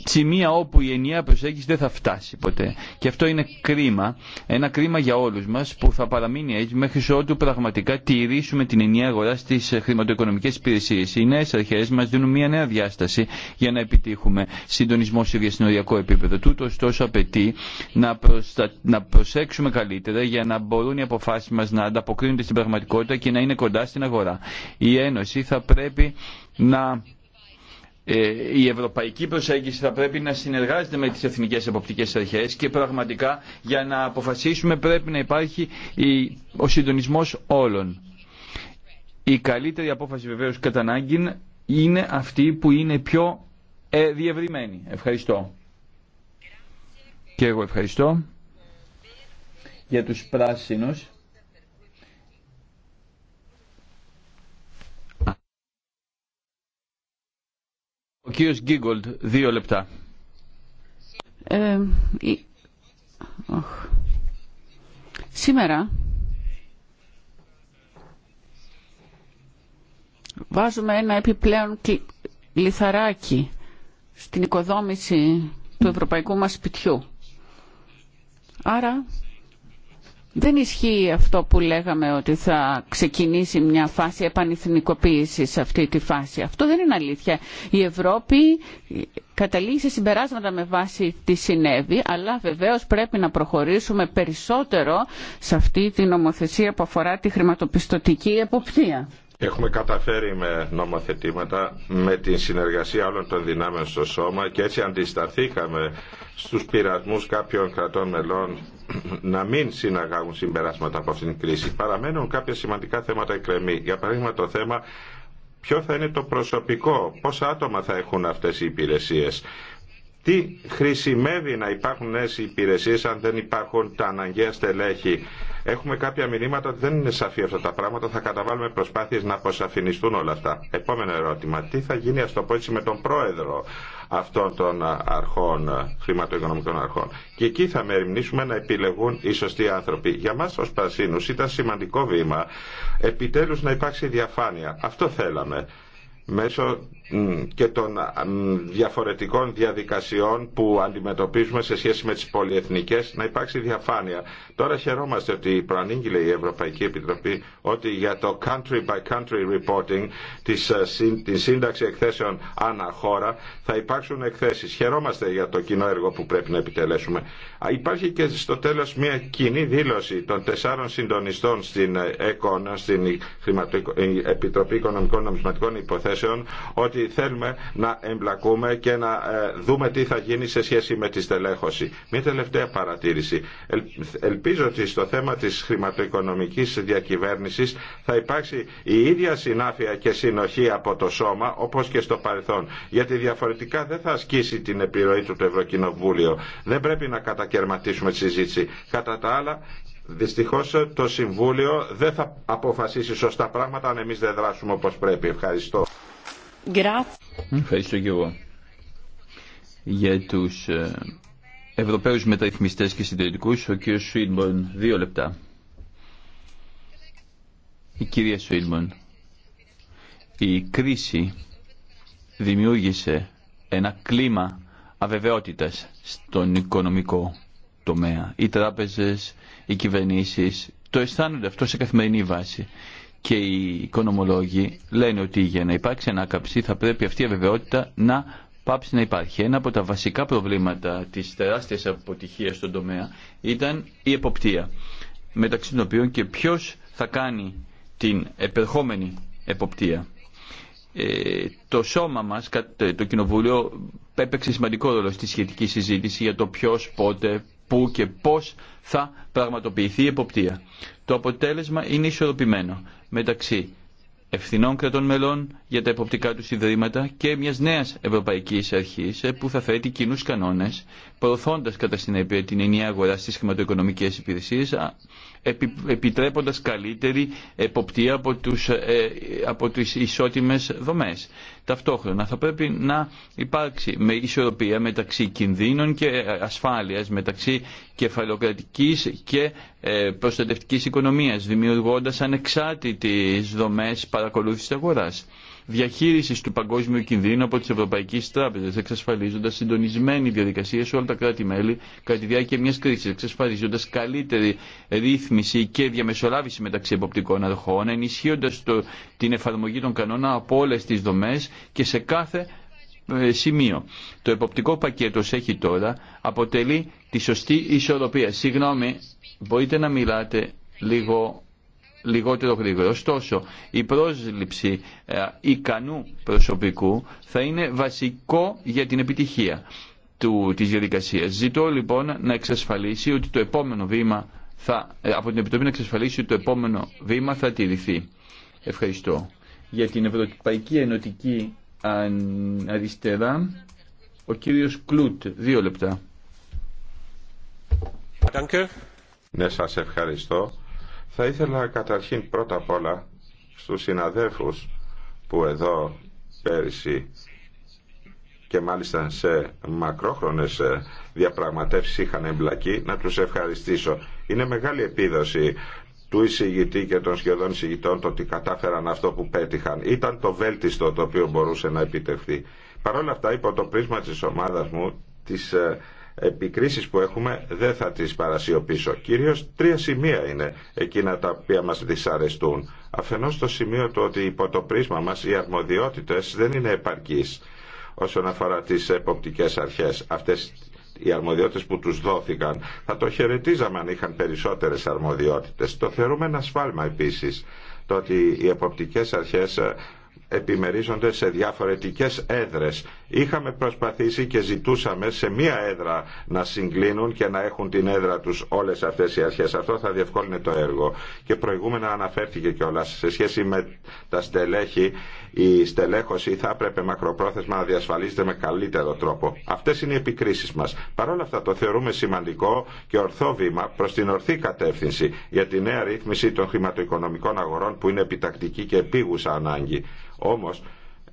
σημεία όπου η ενιαία προσέγγιση δεν θα φτάσει ποτέ. Και αυτό είναι κρίμα, ένα κρίμα για όλους μας που θα παραμείνει έτσι μέχρι ότου πραγματικά τηρήσουμε την ενιαία αγορά στις χρηματοοικονομικές υπηρεσίες. Οι νέες αρχές μας δίνουν μια νέα διάσταση για να επιτύχουμε συντονισμό σε διασυνοριακό επίπεδο. Τούτο ωστόσο απαιτεί να, να προσέξουμε καλύτερα για να μπορούν οι αποφάσεις μας να ανταποκρίνονται στην πραγματικότητα και να είναι κοντά στην αγορά. Η Ένωση θα πρέπει να ε, η ευρωπαϊκή προσέγγιση θα πρέπει να συνεργάζεται με τις εθνικές εποπτικές αρχές και πραγματικά για να αποφασίσουμε πρέπει να υπάρχει ο συντονισμός όλων. Η καλύτερη απόφαση βεβαίως κατά ανάγκη είναι αυτή που είναι πιο ε, διευρυμένη. Ευχαριστώ. Και εγώ ευχαριστώ για τους πράσινους. Ο κύριος Γκίγκολτ, δύο λεπτά. Ε, Σήμερα βάζουμε ένα επιπλέον λιθαράκι στην οικοδόμηση του ευρωπαϊκού μας σπιτιού. Άρα δεν ισχύει αυτό που λέγαμε ότι θα ξεκινήσει μια φάση επανεθνικοποίηση σε αυτή τη φάση. Αυτό δεν είναι αλήθεια. Η Ευρώπη καταλήγει σε συμπεράσματα με βάση τη συνέβη, αλλά βεβαίω πρέπει να προχωρήσουμε περισσότερο σε αυτή την νομοθεσία που αφορά τη χρηματοπιστωτική εποπτεία. Έχουμε καταφέρει με νομοθετήματα, με την συνεργασία όλων των δυνάμεων στο σώμα και έτσι αντισταθήκαμε στους πειρασμούς κάποιων κρατών μελών να μην συναγάγουν συμπεράσματα από αυτήν την κρίση. Παραμένουν κάποια σημαντικά θέματα εκκρεμή. Για παράδειγμα το θέμα ποιο θα είναι το προσωπικό, πόσα άτομα θα έχουν αυτές οι υπηρεσίες. Τι χρησιμεύει να υπάρχουν νέες υπηρεσίες αν δεν υπάρχουν τα αναγκαία στελέχη Έχουμε κάποια μηνύματα ότι δεν είναι σαφή αυτά τα πράγματα. Θα καταβάλουμε προσπάθειες να αποσαφινιστούν όλα αυτά. Επόμενο ερώτημα. Τι θα γίνει, α το πω έτσι, με τον πρόεδρο αυτών των αρχών, χρηματοοικονομικών αρχών. Και εκεί θα μεριμνήσουμε να επιλεγούν οι σωστοί άνθρωποι. Για μας ως Πασίνου, ήταν σημαντικό βήμα επιτέλου να υπάρξει διαφάνεια. Αυτό θέλαμε μέσω και των διαφορετικών διαδικασιών που αντιμετωπίζουμε σε σχέση με τις πολυεθνικές να υπάρξει διαφάνεια. Τώρα χαιρόμαστε ότι προανήγγειλε η Ευρωπαϊκή Επιτροπή ότι για το country by country reporting την σύνταξη εκθέσεων ανά χώρα θα υπάρξουν εκθέσεις. Χαιρόμαστε για το κοινό έργο που πρέπει να επιτελέσουμε. Υπάρχει και στο τέλος μια κοινή δήλωση των τεσσάρων συντονιστών στην ΕΚΟΝ, στην Επιτροπή Οικονομικών Νομισματικών Υποθέσεων, ότι θέλουμε να εμπλακούμε και να ε, δούμε τι θα γίνει σε σχέση με τη στελέχωση. Μια τελευταία παρατήρηση. Ελπίζω ότι στο θέμα της χρηματοοικονομικής διακυβέρνησης θα υπάρξει η ίδια συνάφεια και συνοχή από το σώμα όπως και στο παρελθόν. Γιατί διαφορετικά δεν θα ασκήσει την επιρροή του το Ευρωκοινοβούλιο. Δεν πρέπει να κατακαιρματίσουμε τη συζήτηση. Κατά τα άλλα, δυστυχώς το Συμβούλιο δεν θα αποφασίσει σωστά πράγματα αν εμείς δεν δράσουμε όπως πρέπει. Ευχαριστώ. Ευχαριστώ και εγώ για τους ε, Ευρωπαίους μεταρρυθμιστές και συντηρητικού, ο κύριος Σουίλμπορν, δύο λεπτά. Η κυρία Σουίλμπορν, η κρίση δημιούργησε ένα κλίμα αβεβαιότητας στον οικονομικό τομέα. Οι τράπεζες, οι κυβερνήσεις το αισθάνονται αυτό σε καθημερινή βάση και οι οικονομολόγοι λένε ότι για να υπάρξει ανάκαμψη θα πρέπει αυτή η αβεβαιότητα να πάψει να υπάρχει. Ένα από τα βασικά προβλήματα της τεράστιας αποτυχίας στον τομέα ήταν η εποπτεία, μεταξύ των οποίων και ποιος θα κάνει την επερχόμενη εποπτεία. Ε, το σώμα μας, το Κοινοβούλιο, έπαιξε σημαντικό ρόλο στη σχετική συζήτηση για το ποιος, πότε, πού και πώς θα πραγματοποιηθεί η εποπτεία. Το αποτέλεσμα είναι ισορροπημένο μεταξύ ευθυνών κρατών μελών για τα εποπτικά του ιδρύματα και μια νέας Ευρωπαϊκή αρχής ε, που θα θέτει κοινού κανόνες, προωθώντα κατά συνέπεια την ενιαία αγορά στις χρηματοοικονομικές υπηρεσίες, επιτρέποντας καλύτερη εποπτεία από, τους, ε, ε, από τις ισότιμες δομές. Ταυτόχρονα θα πρέπει να υπάρξει με ισορροπία μεταξύ κινδύνων και ασφάλειας, μεταξύ κεφαλοκρατικής και ε, προστατευτικής οικονομίας, δημιουργώντας ανεξάρτητες δομές παρακολούθησης αγοράς διαχείριση του παγκόσμιου κινδύνου από τις Ευρωπαϊκές Τράπεζες, εξασφαλίζοντα συντονισμένη διαδικασία σε όλα τα κράτη-μέλη κατά τη διάρκεια μια κρίση, εξασφαλίζοντα καλύτερη ρύθμιση και διαμεσολάβηση μεταξύ εποπτικών αρχών, ενισχύοντας την εφαρμογή των κανόνων από όλε τι δομέ και σε κάθε ε, σημείο. Το εποπτικό πακέτο έχει τώρα αποτελεί τη σωστή ισορροπία. Συγγνώμη, μπορείτε να μιλάτε λίγο λιγότερο γρήγορα. Ωστόσο, η πρόσληψη ε, ικανού προσωπικού θα είναι βασικό για την επιτυχία του, της διαδικασίας. Ζητώ λοιπόν να εξασφαλίσει ότι το επόμενο βήμα ε, από την Επιτροπή να εξασφαλίσει ότι το επόμενο βήμα θα τηρηθεί. Ευχαριστώ. Για την Ευρωπαϊκή Ενωτική Αριστερά, ο κύριος Κλούτ, δύο λεπτά. Ναι, σας ευχαριστώ. Θα ήθελα καταρχήν πρώτα απ' όλα στους συναδέλφους που εδώ πέρυσι και μάλιστα σε μακρόχρονες ε, διαπραγματεύσεις είχαν εμπλακεί, να τους ευχαριστήσω. Είναι μεγάλη επίδοση του εισηγητή και των σχεδόν εισηγητών το ότι κατάφεραν αυτό που πέτυχαν. Ήταν το βέλτιστο το οποίο μπορούσε να επιτευχθεί. Παρ' όλα αυτά, υπό το πρίσμα της ομάδας μου, της ε, επικρίσεις που έχουμε δεν θα τις παρασιωπήσω. Κυρίως τρία σημεία είναι εκείνα τα οποία μας δυσαρεστούν. Αφενός το σημείο το ότι υπό το πρίσμα μας οι αρμοδιότητες δεν είναι επαρκείς όσον αφορά τις εποπτικές αρχές. Αυτές οι αρμοδιότητες που τους δόθηκαν θα το χαιρετίζαμε αν είχαν περισσότερες αρμοδιότητες. Το θεωρούμε ένα σφάλμα επίσης το ότι οι εποπτικές αρχές επιμερίζονται σε διαφορετικές έδρες. Είχαμε προσπαθήσει και ζητούσαμε σε μία έδρα να συγκλίνουν και να έχουν την έδρα τους όλες αυτές οι αρχές. Αυτό θα διευκόλυνε το έργο. Και προηγούμενα αναφέρθηκε κιόλας σε σχέση με τα στελέχη η στελέχωση θα έπρεπε μακροπρόθεσμα να διασφαλίζεται με καλύτερο τρόπο. Αυτές είναι οι επικρίσεις μας. Παρ' όλα αυτά το θεωρούμε σημαντικό και ορθό βήμα προς την ορθή κατεύθυνση για τη νέα ρύθμιση των χρηματοοικονομικών αγορών που είναι επιτακτική και επίγουσα ανάγκη. Όμως,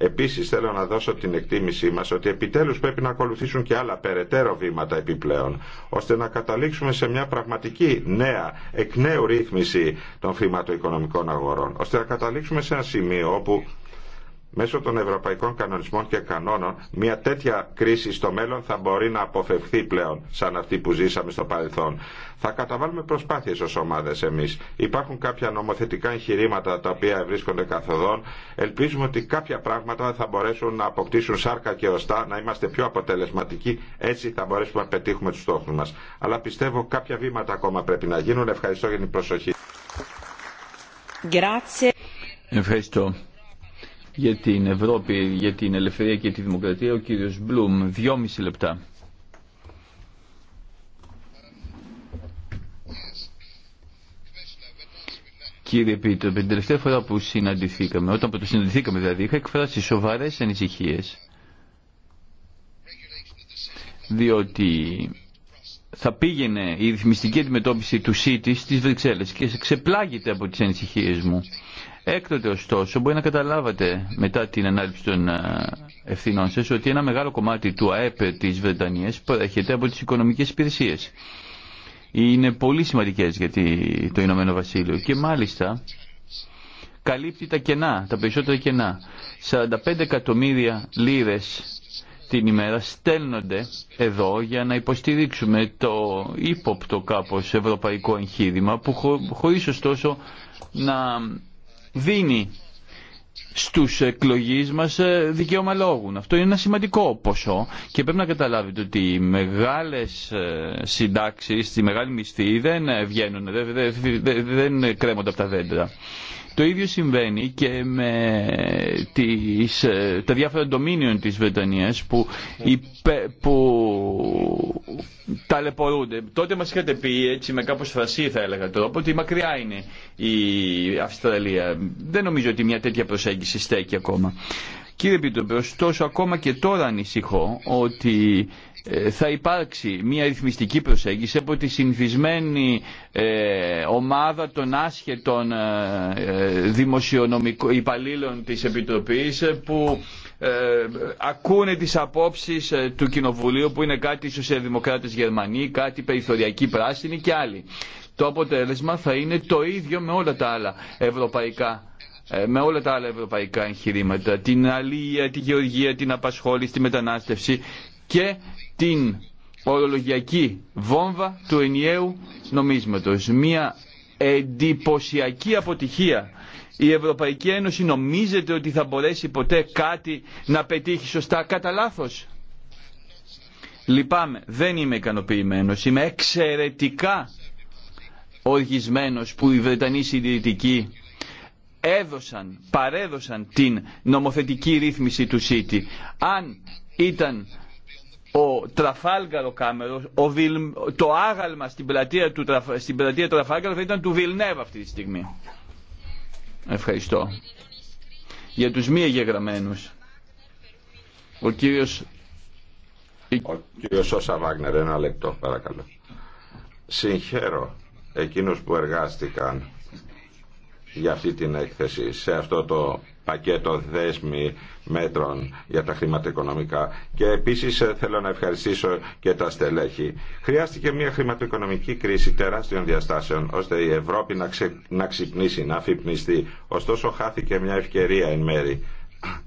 Επίσης θέλω να δώσω την εκτίμησή μας ότι επιτέλους πρέπει να ακολουθήσουν και άλλα περαιτέρω βήματα επιπλέον ώστε να καταλήξουμε σε μια πραγματική νέα εκ νέου ρύθμιση των χρηματοοικονομικών αγορών ώστε να καταλήξουμε σε ένα σημείο όπου Μέσω των ευρωπαϊκών κανονισμών και κανόνων, μια τέτοια κρίση στο μέλλον θα μπορεί να αποφευχθεί πλέον, σαν αυτή που ζήσαμε στο παρελθόν. Θα καταβάλουμε προσπάθειε ω ομάδε εμεί. Υπάρχουν κάποια νομοθετικά εγχειρήματα τα οποία βρίσκονται καθοδόν. Ελπίζουμε ότι κάποια πράγματα θα μπορέσουν να αποκτήσουν σάρκα και οστά, να είμαστε πιο αποτελεσματικοί. Έτσι θα μπορέσουμε να πετύχουμε του στόχου μα. Αλλά πιστεύω κάποια βήματα ακόμα πρέπει να γίνουν. Ευχαριστώ για την προσοχή για την Ευρώπη, για την ελευθερία και τη δημοκρατία, ο κύριος Μπλουμ. Δυόμιση λεπτά. Κύριε Πίτρο, την τελευταία φορά που συναντηθήκαμε, όταν το συναντηθήκαμε δηλαδή, είχα εκφράσει σοβαρές ανησυχίες. Διότι θα πήγαινε η ρυθμιστική αντιμετώπιση του ΣΥΤΙ στις Βρυξέλλες και ξεπλάγεται από τις ανησυχίες μου. Έκτοτε ωστόσο μπορεί να καταλάβατε μετά την ανάληψη των ε, ευθυνών σας ότι ένα μεγάλο κομμάτι του ΑΕΠ της Βρετανίας προέρχεται από τις οικονομικές υπηρεσίες. Είναι πολύ σημαντικές για το Ηνωμένο Βασίλειο και μάλιστα καλύπτει τα κενά, τα περισσότερα κενά. 45 εκατομμύρια λίρες την ημέρα στέλνονται εδώ για να υποστηρίξουμε το ύποπτο κάπως ευρωπαϊκό εγχείρημα που χωρίς ωστόσο να δίνει στους εκλογείς μας ε, δικαίωμα λόγου. Αυτό είναι ένα σημαντικό ποσό και πρέπει να καταλάβετε ότι οι μεγάλες ε, συντάξεις, οι μεγάλοι μισθοί δεν ε, βγαίνουν, δεν, δεν κρέμονται από τα δέντρα. Το ίδιο συμβαίνει και με τις, ε, τα διάφορα ντομίνιον της Βρετανίας που, που ταλαιπωρούνται. Τότε μας είχατε πει έτσι με κάπως φρασί θα έλεγα τώρα, ότι μακριά είναι η Αυστραλία. Δεν νομίζω ότι μια τέτοια προσέγγιση στέκει ακόμα. Κύριε Πίτροπε, ωστόσο ακόμα και τώρα ανησυχώ ότι ε, θα υπάρξει μια ρυθμιστική προσέγγιση από τη συνηθισμένη ε, ομάδα των άσχετων ε, δημοσιονομικών υπαλλήλων της Επιτροπής που ακούνε τις απόψεις του Κοινοβουλίου που είναι κάτι οι Γερμανοί, κάτι περιθωριακή πράσινη και άλλοι. Το αποτέλεσμα θα είναι το ίδιο με όλα τα άλλα ευρωπαϊκά με όλα τα άλλα ευρωπαϊκά εγχειρήματα, την αλληλεία, τη γεωργία, την απασχόληση, τη μετανάστευση και την ορολογιακή βόμβα του ενιαίου νομίσματος. Μια εντυπωσιακή αποτυχία. Η Ευρωπαϊκή Ένωση νομίζεται ότι θα μπορέσει ποτέ κάτι να πετύχει σωστά κατά λάθο. Λυπάμαι, δεν είμαι ικανοποιημένο. Είμαι εξαιρετικά οργισμένος που οι Βρετανοί συντηρητικοί έδωσαν, παρέδωσαν την νομοθετική ρύθμιση του ΣΥΤΙ. Αν ήταν ο Τραφάλγαρο Κάμερο, το άγαλμα στην πλατεία του, στην πλατεία θα ήταν του Βιλνέβα αυτή τη στιγμή. Ευχαριστώ. Για τους μη εγγεγραμμένους. Ο κύριος... Ο κύριος Σώσα Βάγνερ, ένα λεπτό παρακαλώ. Συγχαίρω εκείνους που εργάστηκαν για αυτή την έκθεση σε αυτό το πακέτο δέσμη μέτρων για τα χρηματοοικονομικά. Και επίσης ε, θέλω να ευχαριστήσω και τα στελέχη. Χρειάστηκε μια χρηματοοικονομική κρίση τεράστιων διαστάσεων ώστε η Ευρώπη να, να ξυπνήσει, να αφυπνιστεί. Ωστόσο χάθηκε μια ευκαιρία εν μέρη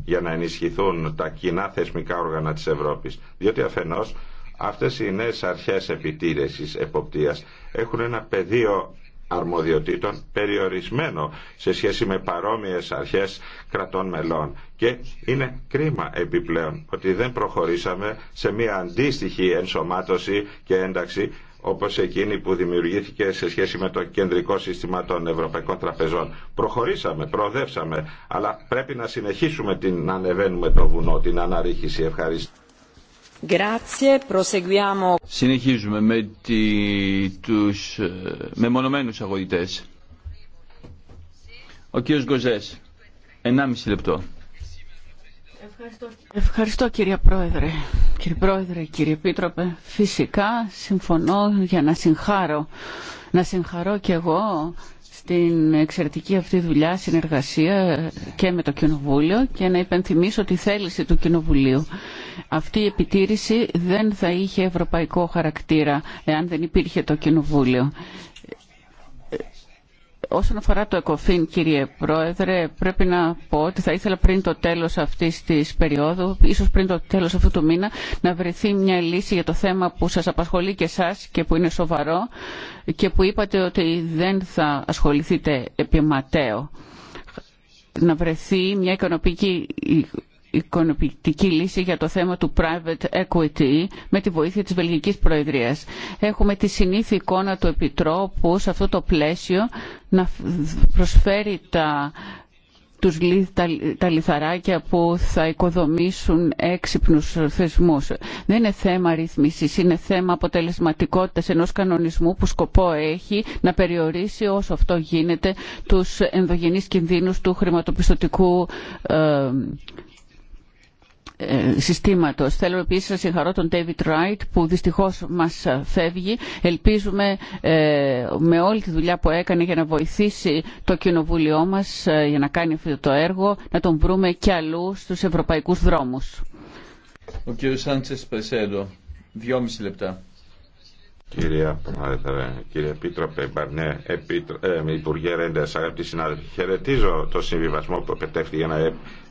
για να ενισχυθούν τα κοινά θεσμικά όργανα της Ευρώπης. Διότι αφενός αυτές οι νέες αρχές επιτήρησης εποπτείας έχουν ένα πεδίο αρμοδιοτήτων περιορισμένο σε σχέση με παρόμοιες αρχές κρατών μελών. Και είναι κρίμα επιπλέον ότι δεν προχωρήσαμε σε μια αντίστοιχη ενσωμάτωση και ένταξη όπως εκείνη που δημιουργήθηκε σε σχέση με το κεντρικό σύστημα των Ευρωπαϊκών Τραπεζών. Προχωρήσαμε, προοδεύσαμε, αλλά πρέπει να συνεχίσουμε την να ανεβαίνουμε το βουνό, την αναρρίχηση. Ευχαριστώ. Συνεχίζουμε με τη, τους ε, μεμονωμένους αγωγητές. Ο κύριος Γκοζές, 1,5 λεπτό. Ευχαριστώ. κύριε Πρόεδρε. Κύριε Πρόεδρε, κύριε Επίτροπε, φυσικά συμφωνώ για να συγχάρω. Να συγχαρώ και εγώ στην εξαιρετική αυτή δουλειά, συνεργασία και με το Κοινοβούλιο και να υπενθυμίσω τη θέληση του Κοινοβουλίου. Αυτή η επιτήρηση δεν θα είχε ευρωπαϊκό χαρακτήρα εάν δεν υπήρχε το Κοινοβούλιο όσον αφορά το ΕΚΟΦΗΝ, κύριε Πρόεδρε, πρέπει να πω ότι θα ήθελα πριν το τέλος αυτής της περίοδου, ίσως πριν το τέλος αυτού του μήνα, να βρεθεί μια λύση για το θέμα που σας απασχολεί και εσάς και που είναι σοβαρό και που είπατε ότι δεν θα ασχοληθείτε επιματέω. Να βρεθεί μια ικανοποιητική οικονομική λύση για το θέμα του private equity με τη βοήθεια της Βελγικής Προεδρίας. Έχουμε τη συνήθεια εικόνα του Επιτρόπου σε αυτό το πλαίσιο να προσφέρει τα τους, τα, λιθαράκια που θα οικοδομήσουν έξυπνους θεσμούς. Δεν είναι θέμα ρυθμίσης, είναι θέμα αποτελεσματικότητας ενός κανονισμού που σκοπό έχει να περιορίσει όσο αυτό γίνεται τους ενδογενείς κινδύνους του χρηματοπιστωτικού ε, ε, συστήματος. Θέλω επίσης να συγχαρώ τον David Wright που δυστυχώς μας φεύγει. Ελπίζουμε ε, με όλη τη δουλειά που έκανε για να βοηθήσει το κοινοβούλιο μας ε, για να κάνει αυτό το έργο να τον βρούμε κι αλλού στους ευρωπαϊκούς δρόμους. Ο κύριος Σάντσες Πεσέντο, δυόμιση λεπτά. Κυρία Πρόεδρε, κύριε Επίτροπε Μπαρνέ, Επίτρο, ε, Υπουργέ Ρέντε, αγαπητοί συνάδελφοι, χαιρετίζω το συμβιβασμό που επετέφθη για να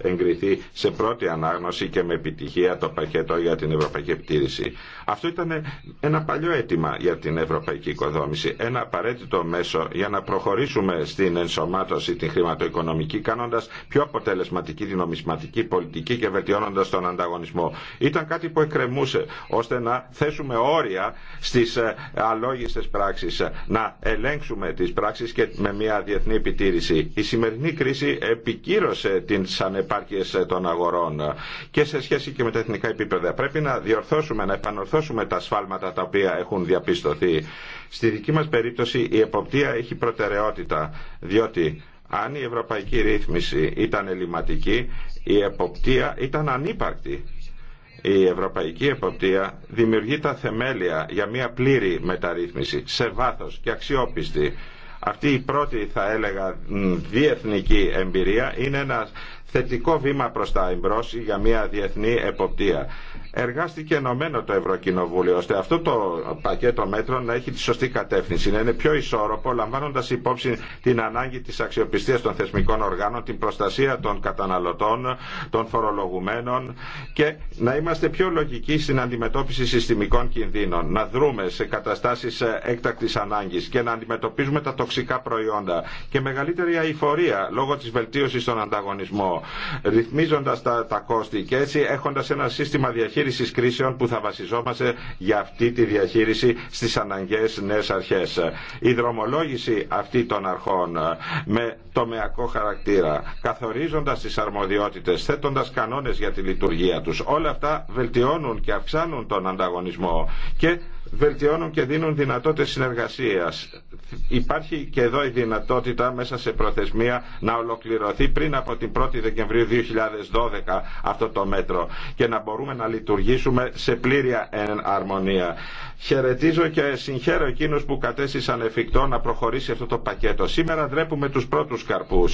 εγκριθεί σε πρώτη ανάγνωση και με επιτυχία το πακέτο για την ευρωπαϊκή επιτήρηση. Αυτό ήταν ένα παλιό αίτημα για την ευρωπαϊκή οικοδόμηση. Ένα απαραίτητο μέσο για να προχωρήσουμε στην ενσωμάτωση την χρηματοοικονομική κάνοντας πιο αποτελεσματική την νομισματική πολιτική και βελτιώνοντας τον ανταγωνισμό. Ήταν κάτι που εκκρεμούσε ώστε να θέσουμε όρια στις ε, αλόγιστες πράξεις, να ελέγξουμε τι πράξει και με μια διεθνή επιτήρηση. Η σημερινή κρίση επικύρωσε την επάρκειε ε, των αγορών ε, και σε σχέση και με τα εθνικά επίπεδα. Πρέπει να διορθώσουμε, να επανορθώσουμε τα σφάλματα τα οποία έχουν διαπιστωθεί. Στη δική μας περίπτωση η εποπτεία έχει προτεραιότητα, διότι αν η ευρωπαϊκή ρύθμιση ήταν ελληματική, η εποπτεία ήταν ανύπαρκτη. Η ευρωπαϊκή εποπτεία δημιουργεί τα θεμέλια για μια πλήρη μεταρρύθμιση σε βάθος και αξιόπιστη αυτή η πρώτη θα έλεγα διεθνική εμπειρία είναι ένα θετικό βήμα προς τα εμπρός για μια διεθνή εποπτεία εργάστηκε ενωμένο το Ευρωκοινοβούλιο ώστε αυτό το πακέτο μέτρων να έχει τη σωστή κατεύθυνση, να είναι πιο ισόρροπο λαμβάνοντας υπόψη την ανάγκη της αξιοπιστίας των θεσμικών οργάνων, την προστασία των καταναλωτών, των φορολογουμένων και να είμαστε πιο λογικοί στην αντιμετώπιση συστημικών κινδύνων, να δρούμε σε καταστάσεις έκτακτης ανάγκης και να αντιμετωπίζουμε τα τοξικά προϊόντα και μεγαλύτερη αηφορία λόγω της βελτίωσης στον ανταγωνισμό, ρυθμίζοντας τα, τα κόστη και έτσι έχοντας ένα σύστημα διαχείρισης διαχείριση κρίσεων που θα βασιζόμαστε για αυτή τη διαχείριση στις αναγκαίε νέε αρχές. Η δρομολόγηση αυτή των αρχών ε, με το μειακό χαρακτήρα, καθορίζοντας τις αρμοδιότητες, θέτοντα κανόνες για τη λειτουργία τους, όλα αυτά βελτιώνουν και αυξάνουν τον ανταγωνισμό και βελτιώνουν και δίνουν δυνατότητες συνεργασίας. Υπάρχει και εδώ η δυνατότητα μέσα σε προθεσμία να ολοκληρωθεί πριν από την 1η Δεκεμβρίου 2012 αυτό το μέτρο και να μπορούμε να λειτουργήσουμε σε πλήρια αρμονία. Χαιρετίζω και συγχαίρω εκείνου που κατέστησαν εφικτό να προχωρήσει αυτό το πακέτο. Σήμερα ντρέπουμε του πρώτου καρπού.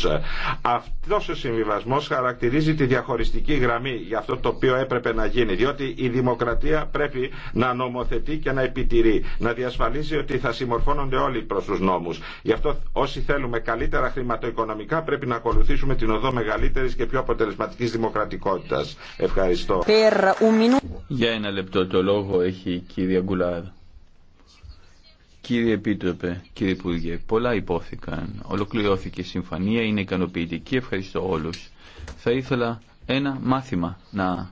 Αυτό ο συμβιβασμό χαρακτηρίζει τη διαχωριστική γραμμή για αυτό το οποίο έπρεπε να γίνει. Διότι η δημοκρατία πρέπει να νομοθετεί και να επιτηρεί. Να διασφαλίζει ότι θα συμμορφώνονται όλοι προ του νόμου. Γι' αυτό όσοι θέλουμε καλύτερα χρηματοοικονομικά πρέπει να ακολουθήσουμε την οδό μεγαλύτερη και πιο αποτελεσματική δημοκρατικότητα. Ευχαριστώ. Για ένα λεπτό το λόγο έχει η κυρία Γκουλάρ. Κύριε Επίτροπε, κύριε Υπουργέ, πολλά υπόθηκαν. Ολοκληρώθηκε η συμφωνία, είναι ικανοποιητική. Ευχαριστώ όλους. Θα ήθελα ένα μάθημα να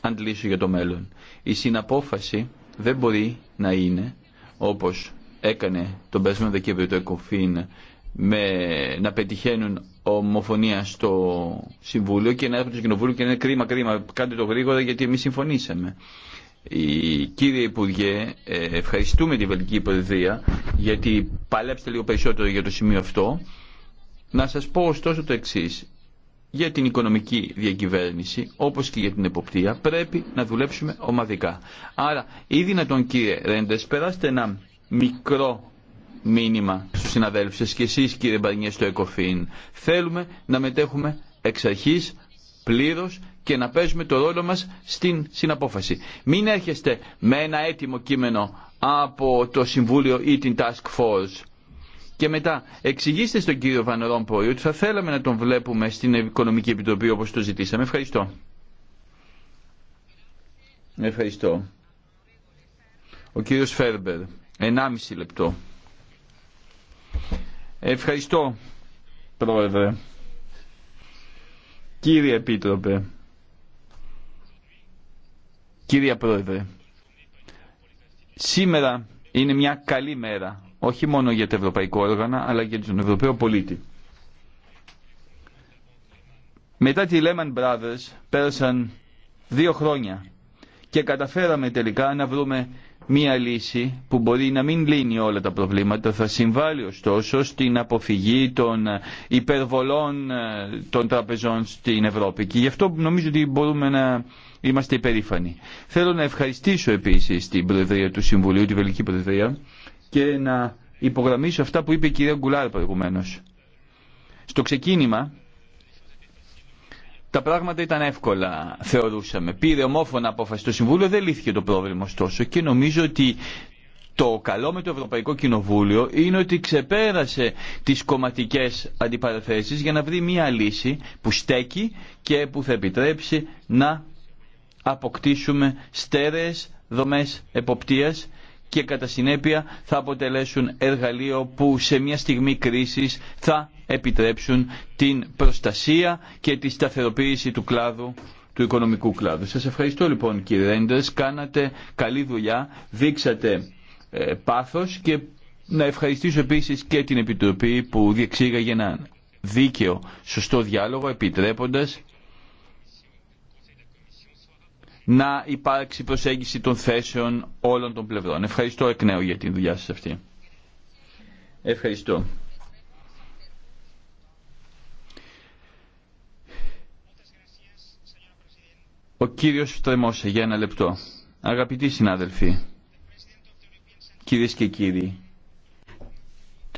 αντλήσω για το μέλλον. Η συναπόφαση δεν μπορεί να είναι όπως έκανε τον περασμένο Δεκέμβριο το ΕΚΟΦΗΝ με, να πετυχαίνουν ομοφωνία στο Συμβούλιο και να έρθουν στο Κοινοβούλιο και να είναι κρίμα, κρίμα, κάντε το γρήγορα γιατί εμείς συμφωνήσαμε. Η, κύριε Υπουργέ, ε, ευχαριστούμε τη Βελική Προεδρία γιατί παλέψτε λίγο περισσότερο για το σημείο αυτό. Να σας πω ωστόσο το εξή Για την οικονομική διακυβέρνηση, όπως και για την εποπτεία, πρέπει να δουλέψουμε ομαδικά. Άρα, ή δυνατόν κύριε Ρέντες, περάστε ένα μικρό μήνυμα στους συναδέλφους σας και εσείς κύριε Μπαρνιέ στο ΕΚΟΦΗΝ. Θέλουμε να μετέχουμε εξ αρχής πλήρως και να παίζουμε το ρόλο μας στην συναπόφαση. Μην έρχεστε με ένα έτοιμο κείμενο από το Συμβούλιο ή την Task Force. Και μετά εξηγήστε στον κύριο Βαν Ρόμποϊ ότι θα θέλαμε να τον βλέπουμε στην Οικονομική Επιτροπή όπως το ζητήσαμε. Ευχαριστώ. Ευχαριστώ. Ο κύριος Φέρμπερ. ενάμιση λεπτό. Ευχαριστώ, Πρόεδρε. Κύριε Επίτροπε. Κύριε Πρόεδρε. Σήμερα είναι μια καλή μέρα, όχι μόνο για το ευρωπαϊκό όργανα, αλλά και για τον Ευρωπαίο πολίτη. Μετά τη Lehman Brothers πέρασαν δύο χρόνια και καταφέραμε τελικά να βρούμε μία λύση που μπορεί να μην λύνει όλα τα προβλήματα, θα συμβάλλει ωστόσο στην αποφυγή των υπερβολών ε, των τραπεζών στην Ευρώπη. Και γι' αυτό νομίζω ότι μπορούμε να είμαστε υπερήφανοι. Θέλω να ευχαριστήσω επίσης την Προεδρία του Συμβουλίου, τη Βελική Προεδρία, και να υπογραμμίσω αυτά που είπε η κυρία Γκουλάρ προηγουμένως. Στο ξεκίνημα τα πράγματα ήταν εύκολα, θεωρούσαμε. Πήρε ομόφωνα απόφαση το Συμβούλιο, δεν λύθηκε το πρόβλημα ωστόσο και νομίζω ότι το καλό με το Ευρωπαϊκό Κοινοβούλιο είναι ότι ξεπέρασε τις κομματικές αντιπαραθέσεις για να βρει μια λύση που στέκει και που θα επιτρέψει να αποκτήσουμε στέρεες δομές εποπτείας και κατά συνέπεια θα αποτελέσουν εργαλείο που σε μια στιγμή κρίσης θα επιτρέψουν την προστασία και τη σταθεροποίηση του κλάδου του οικονομικού κλάδου. Σας ευχαριστώ λοιπόν κύριε Ρέντερς, κάνατε καλή δουλειά, δείξατε ε, πάθος και να ευχαριστήσω επίσης και την Επιτροπή που διεξήγαγε ένα δίκαιο, σωστό διάλογο επιτρέποντας να υπάρξει προσέγγιση των θέσεων όλων των πλευρών. Ευχαριστώ εκ νέου για την δουλειά σας αυτή. Ευχαριστώ. Ο κύριος Φτρεμόσε, για ένα λεπτό. Αγαπητοί συνάδελφοι, κυρίες και κύριοι,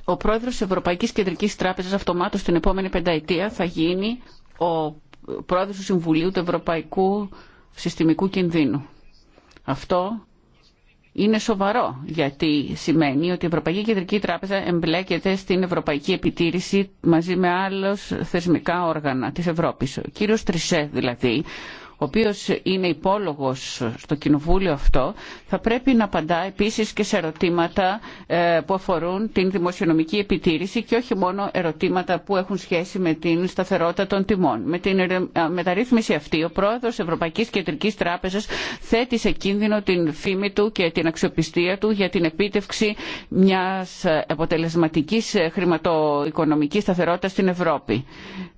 ο πρόεδρος της Ευρωπαϊκής Κεντρικής Τράπεζας αυτομάτως την επόμενη πενταετία θα γίνει ο πρόεδρος του Συμβουλίου του Ευρωπαϊκού συστημικού κινδύνου. Αυτό είναι σοβαρό γιατί σημαίνει ότι η Ευρωπαϊκή Κεντρική Τράπεζα εμπλέκεται στην ευρωπαϊκή επιτήρηση μαζί με άλλους θεσμικά όργανα της Ευρώπης. Ο κύριος Τρισέ δηλαδή, ο οποίος είναι υπόλογος στο κοινοβούλιο αυτό, θα πρέπει να απαντά επίσης και σε ερωτήματα ε, που αφορούν την δημοσιονομική επιτήρηση και όχι μόνο ερωτήματα που έχουν σχέση με την σταθερότητα των τιμών. Με την μεταρρύθμιση αυτή, ο πρόεδρος Ευρωπαϊκής Κεντρικής Τράπεζας θέτει σε κίνδυνο την φήμη του και την αξιοπιστία του για την επίτευξη μιας αποτελεσματικής χρηματοοικονομικής σταθερότητας στην Ευρώπη.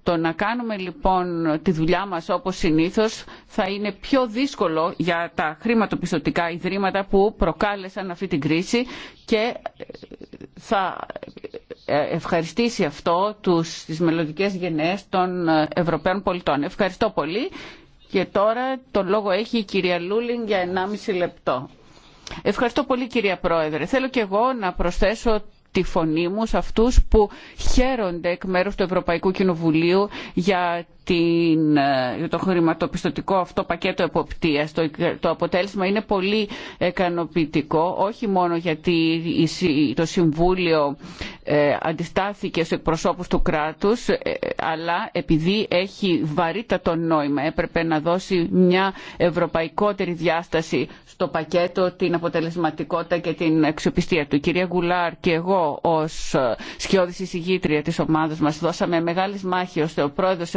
Το να κάνουμε λοιπόν τη δουλειά μας όπως συνήθως θα είναι πιο δύσκολο για τα χρηματοπιστωτικά ιδρύματα που προκάλεσαν αυτή την κρίση και ε, θα ε, ευχαριστήσει αυτό τους, τις μελλοντικές γενναίες των ε, Ευρωπαίων πολιτών. Ευχαριστώ πολύ και τώρα το λόγο έχει η κυρία Λούλιν για 1,5 λεπτό. Ευχαριστώ πολύ κυρία Πρόεδρε. Θέλω και εγώ να προσθέσω τη φωνή μου σε αυτούς που χαίρονται εκ μέρους του Ευρωπαϊκού Κοινοβουλίου για την, ε, το χρηματοπιστωτικό αυτό πακέτο εποπτείας. Το, αποτέλεσμα είναι πολύ ικανοποιητικό, όχι μόνο γιατί το Συμβούλιο ε, αντιστάθηκε στους εκπροσώπους του κράτους, ε, αλλά επειδή έχει βαρύτατο νόημα, έπρεπε να δώσει μια ευρωπαϊκότερη διάσταση στο πακέτο, την αποτελεσματικότητα και την αξιοπιστία του. Η κυρία Γκουλάρ και εγώ ως σκιώδης εισηγήτρια της ομάδας μας δώσαμε μεγάλες μάχη ώστε ο πρόεδρος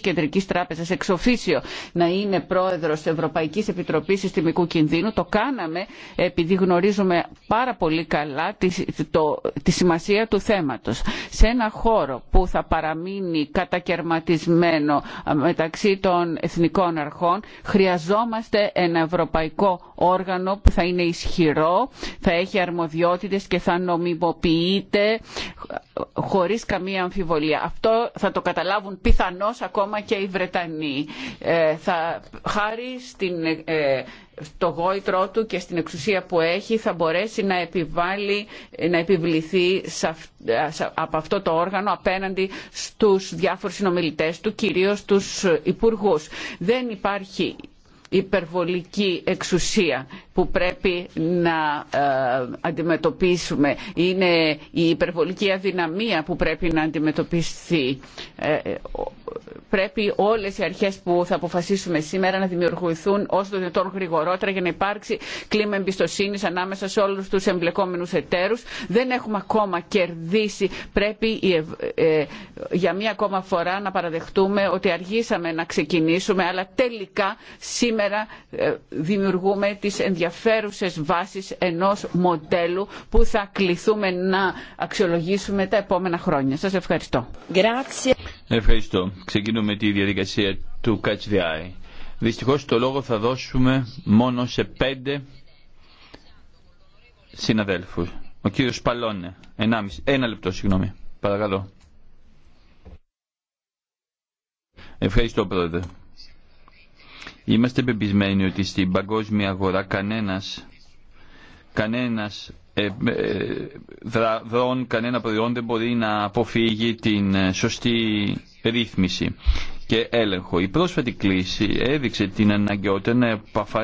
Κεντρική Κεντρικής Τράπεζας εξοφίσιο να είναι πρόεδρος της Ευρωπαϊκής Επιτροπής Συστημικού Κινδύνου. Το κάναμε επειδή γνωρίζουμε πάρα πολύ καλά τη, σημασία του θέματος. Σε ένα χώρο που θα παραμείνει κατακαιρματισμένο μεταξύ των εθνικών αρχών χρειαζόμαστε ένα ευρωπαϊκό όργανο που θα είναι ισχυρό, θα έχει αρμοδιότητες και θα νομιμοποιείται χωρίς καμία αμφιβολία. Αυτό θα το καταλάβουν πιθανώς ακόμα και οι Βρετανοί. Ε, θα, χάρη στην, ε, το γόητρό του και στην εξουσία που έχει θα μπορέσει να, επιβάλλει, να επιβληθεί από αυτό το όργανο απέναντι στους διάφορους συνομιλητές του, κυρίως τους υπουργούς. Δεν υπάρχει υπερβολική εξουσία που πρέπει να ε, αντιμετωπίσουμε. Είναι η υπερβολική αδυναμία που πρέπει να αντιμετωπιστεί. Ε, ε, πρέπει όλες οι αρχές που θα αποφασίσουμε σήμερα να δημιουργηθούν όσο το δυνατόν γρηγορότερα για να υπάρξει κλίμα εμπιστοσύνης ανάμεσα σε όλους τους εμπλεκόμενους εταίρους. Δεν έχουμε ακόμα κερδίσει. Πρέπει για μία ακόμα φορά να παραδεχτούμε ότι αργήσαμε να ξεκινήσουμε αλλά τελικά σήμερα σήμερα ε, δημιουργούμε τις ενδιαφέρουσες βάσεις ενός μοντέλου που θα κληθούμε να αξιολογήσουμε τα επόμενα χρόνια. Σας ευχαριστώ. Ευχαριστώ. Ξεκινούμε τη διαδικασία του Catch the Eye. Δυστυχώς το λόγο θα δώσουμε μόνο σε πέντε συναδέλφους. Ο κύριος Παλώνε, ένα λεπτό συγγνώμη, παρακαλώ. Ευχαριστώ πρόεδρε. Είμαστε πεπισμένοι ότι στην παγκόσμια αγορά κανένας, κανένας ε, ε κανένα προϊόν δεν μπορεί να αποφύγει την ε, σωστή ρύθμιση και έλεγχο. Η πρόσφατη κλίση έδειξε την αναγκαιότητα να,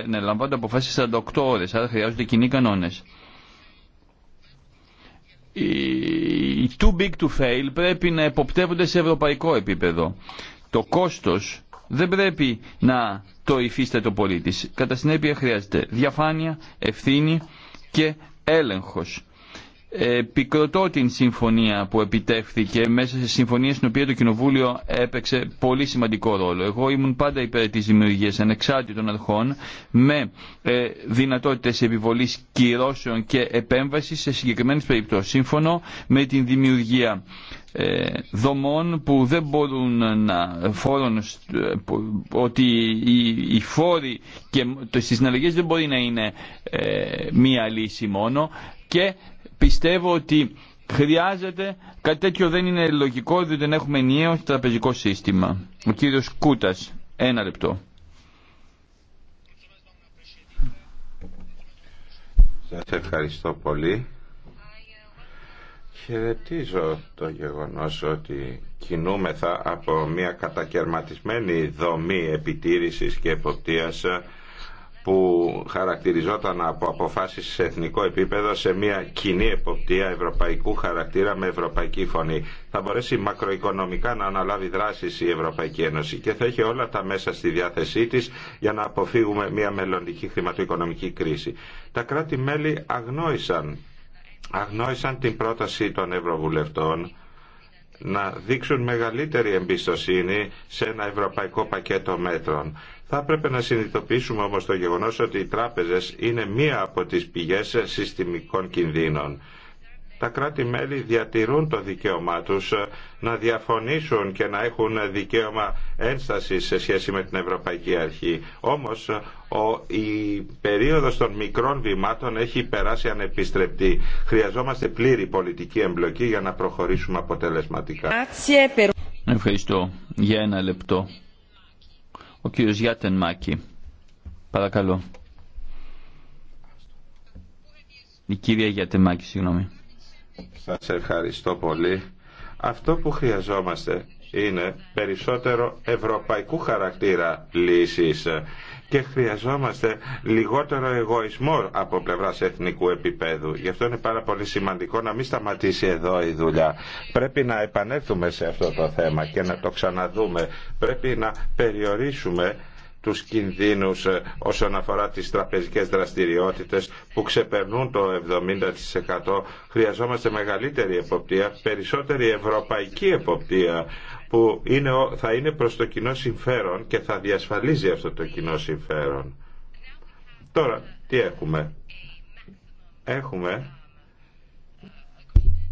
να λαμβάνονται αποφάσεις 48 ώρες, άρα χρειάζονται κοινοί κανόνες. Οι too big to fail πρέπει να εποπτεύονται σε ευρωπαϊκό επίπεδο. Το κόστος δεν πρέπει να το υφίστε το πολίτης. Κατά συνέπεια χρειάζεται διαφάνεια, ευθύνη και έλεγχος επικροτώ την συμφωνία που επιτεύχθηκε μέσα σε συμφωνία στην οποία το Κοινοβούλιο έπαιξε πολύ σημαντικό ρόλο. Εγώ ήμουν πάντα υπέρ της δημιουργίας ανεξάρτητων αρχών με ε, δυνατότητες επιβολής κυρώσεων και επέμβασης σε συγκεκριμένες περιπτώσεις. Σύμφωνο με την δημιουργία ε, δομών που δεν μπορούν να φόρουν ότι οι φόροι και στις συναλλαγές δεν μπορεί να είναι ε, μία λύση μόνο και Πιστεύω ότι χρειάζεται, κάτι τέτοιο δεν είναι λογικό διότι δεν έχουμε ενιαίο τραπεζικό σύστημα. Ο κύριος Κούτας, ένα λεπτό. Σας ευχαριστώ πολύ. Χαιρετίζω το γεγονός ότι κινούμεθα από μια κατακαιρματισμένη δομή επιτήρησης και εποπτείας που χαρακτηριζόταν από αποφάσεις σε εθνικό επίπεδο σε μια κοινή εποπτεία ευρωπαϊκού χαρακτήρα με ευρωπαϊκή φωνή. Θα μπορέσει μακροοικονομικά να αναλάβει δράσεις η Ευρωπαϊκή Ένωση και θα έχει όλα τα μέσα στη διάθεσή της για να αποφύγουμε μια μελλοντική χρηματοοικονομική κρίση. Τα κράτη-μέλη αγνόησαν, αγνόησαν την πρόταση των Ευρωβουλευτών να δείξουν μεγαλύτερη εμπιστοσύνη σε ένα ευρωπαϊκό πακέτο μέτρων. Θα έπρεπε να συνειδητοποιήσουμε όμως το γεγονός ότι οι τράπεζες είναι μία από τις πηγές συστημικών κινδύνων. Τα κράτη-μέλη διατηρούν το δικαίωμά τους να διαφωνήσουν και να έχουν δικαίωμα ένσταση σε σχέση με την Ευρωπαϊκή Αρχή. Όμως η περίοδος των μικρών βημάτων έχει περάσει ανεπιστρεπτή. Χρειαζόμαστε πλήρη πολιτική εμπλοκή για να προχωρήσουμε αποτελεσματικά. Ευχαριστώ. Για ένα λεπτό. Ο κύριος Γιάτεν Μάκη. Παρακαλώ. Η κυρία Γιάτεν Μάκη, συγγνώμη. Σας ευχαριστώ πολύ. Αυτό που χρειαζόμαστε είναι περισσότερο ευρωπαϊκού χαρακτήρα λύσεις και χρειαζόμαστε λιγότερο εγωισμό από πλευρά εθνικού επίπεδου. Γι' αυτό είναι πάρα πολύ σημαντικό να μην σταματήσει εδώ η δουλειά. Πρέπει να επανέλθουμε σε αυτό το θέμα και να το ξαναδούμε. Πρέπει να περιορίσουμε τους κινδύνους ε, όσον αφορά τις τραπεζικές δραστηριότητες που ξεπερνούν το 70%. Χρειαζόμαστε μεγαλύτερη εποπτεία, περισσότερη ευρωπαϊκή εποπτεία που είναι, θα είναι προς το κοινό συμφέρον και θα διασφαλίζει αυτό το κοινό συμφέρον. Τώρα, τι έχουμε. Έχουμε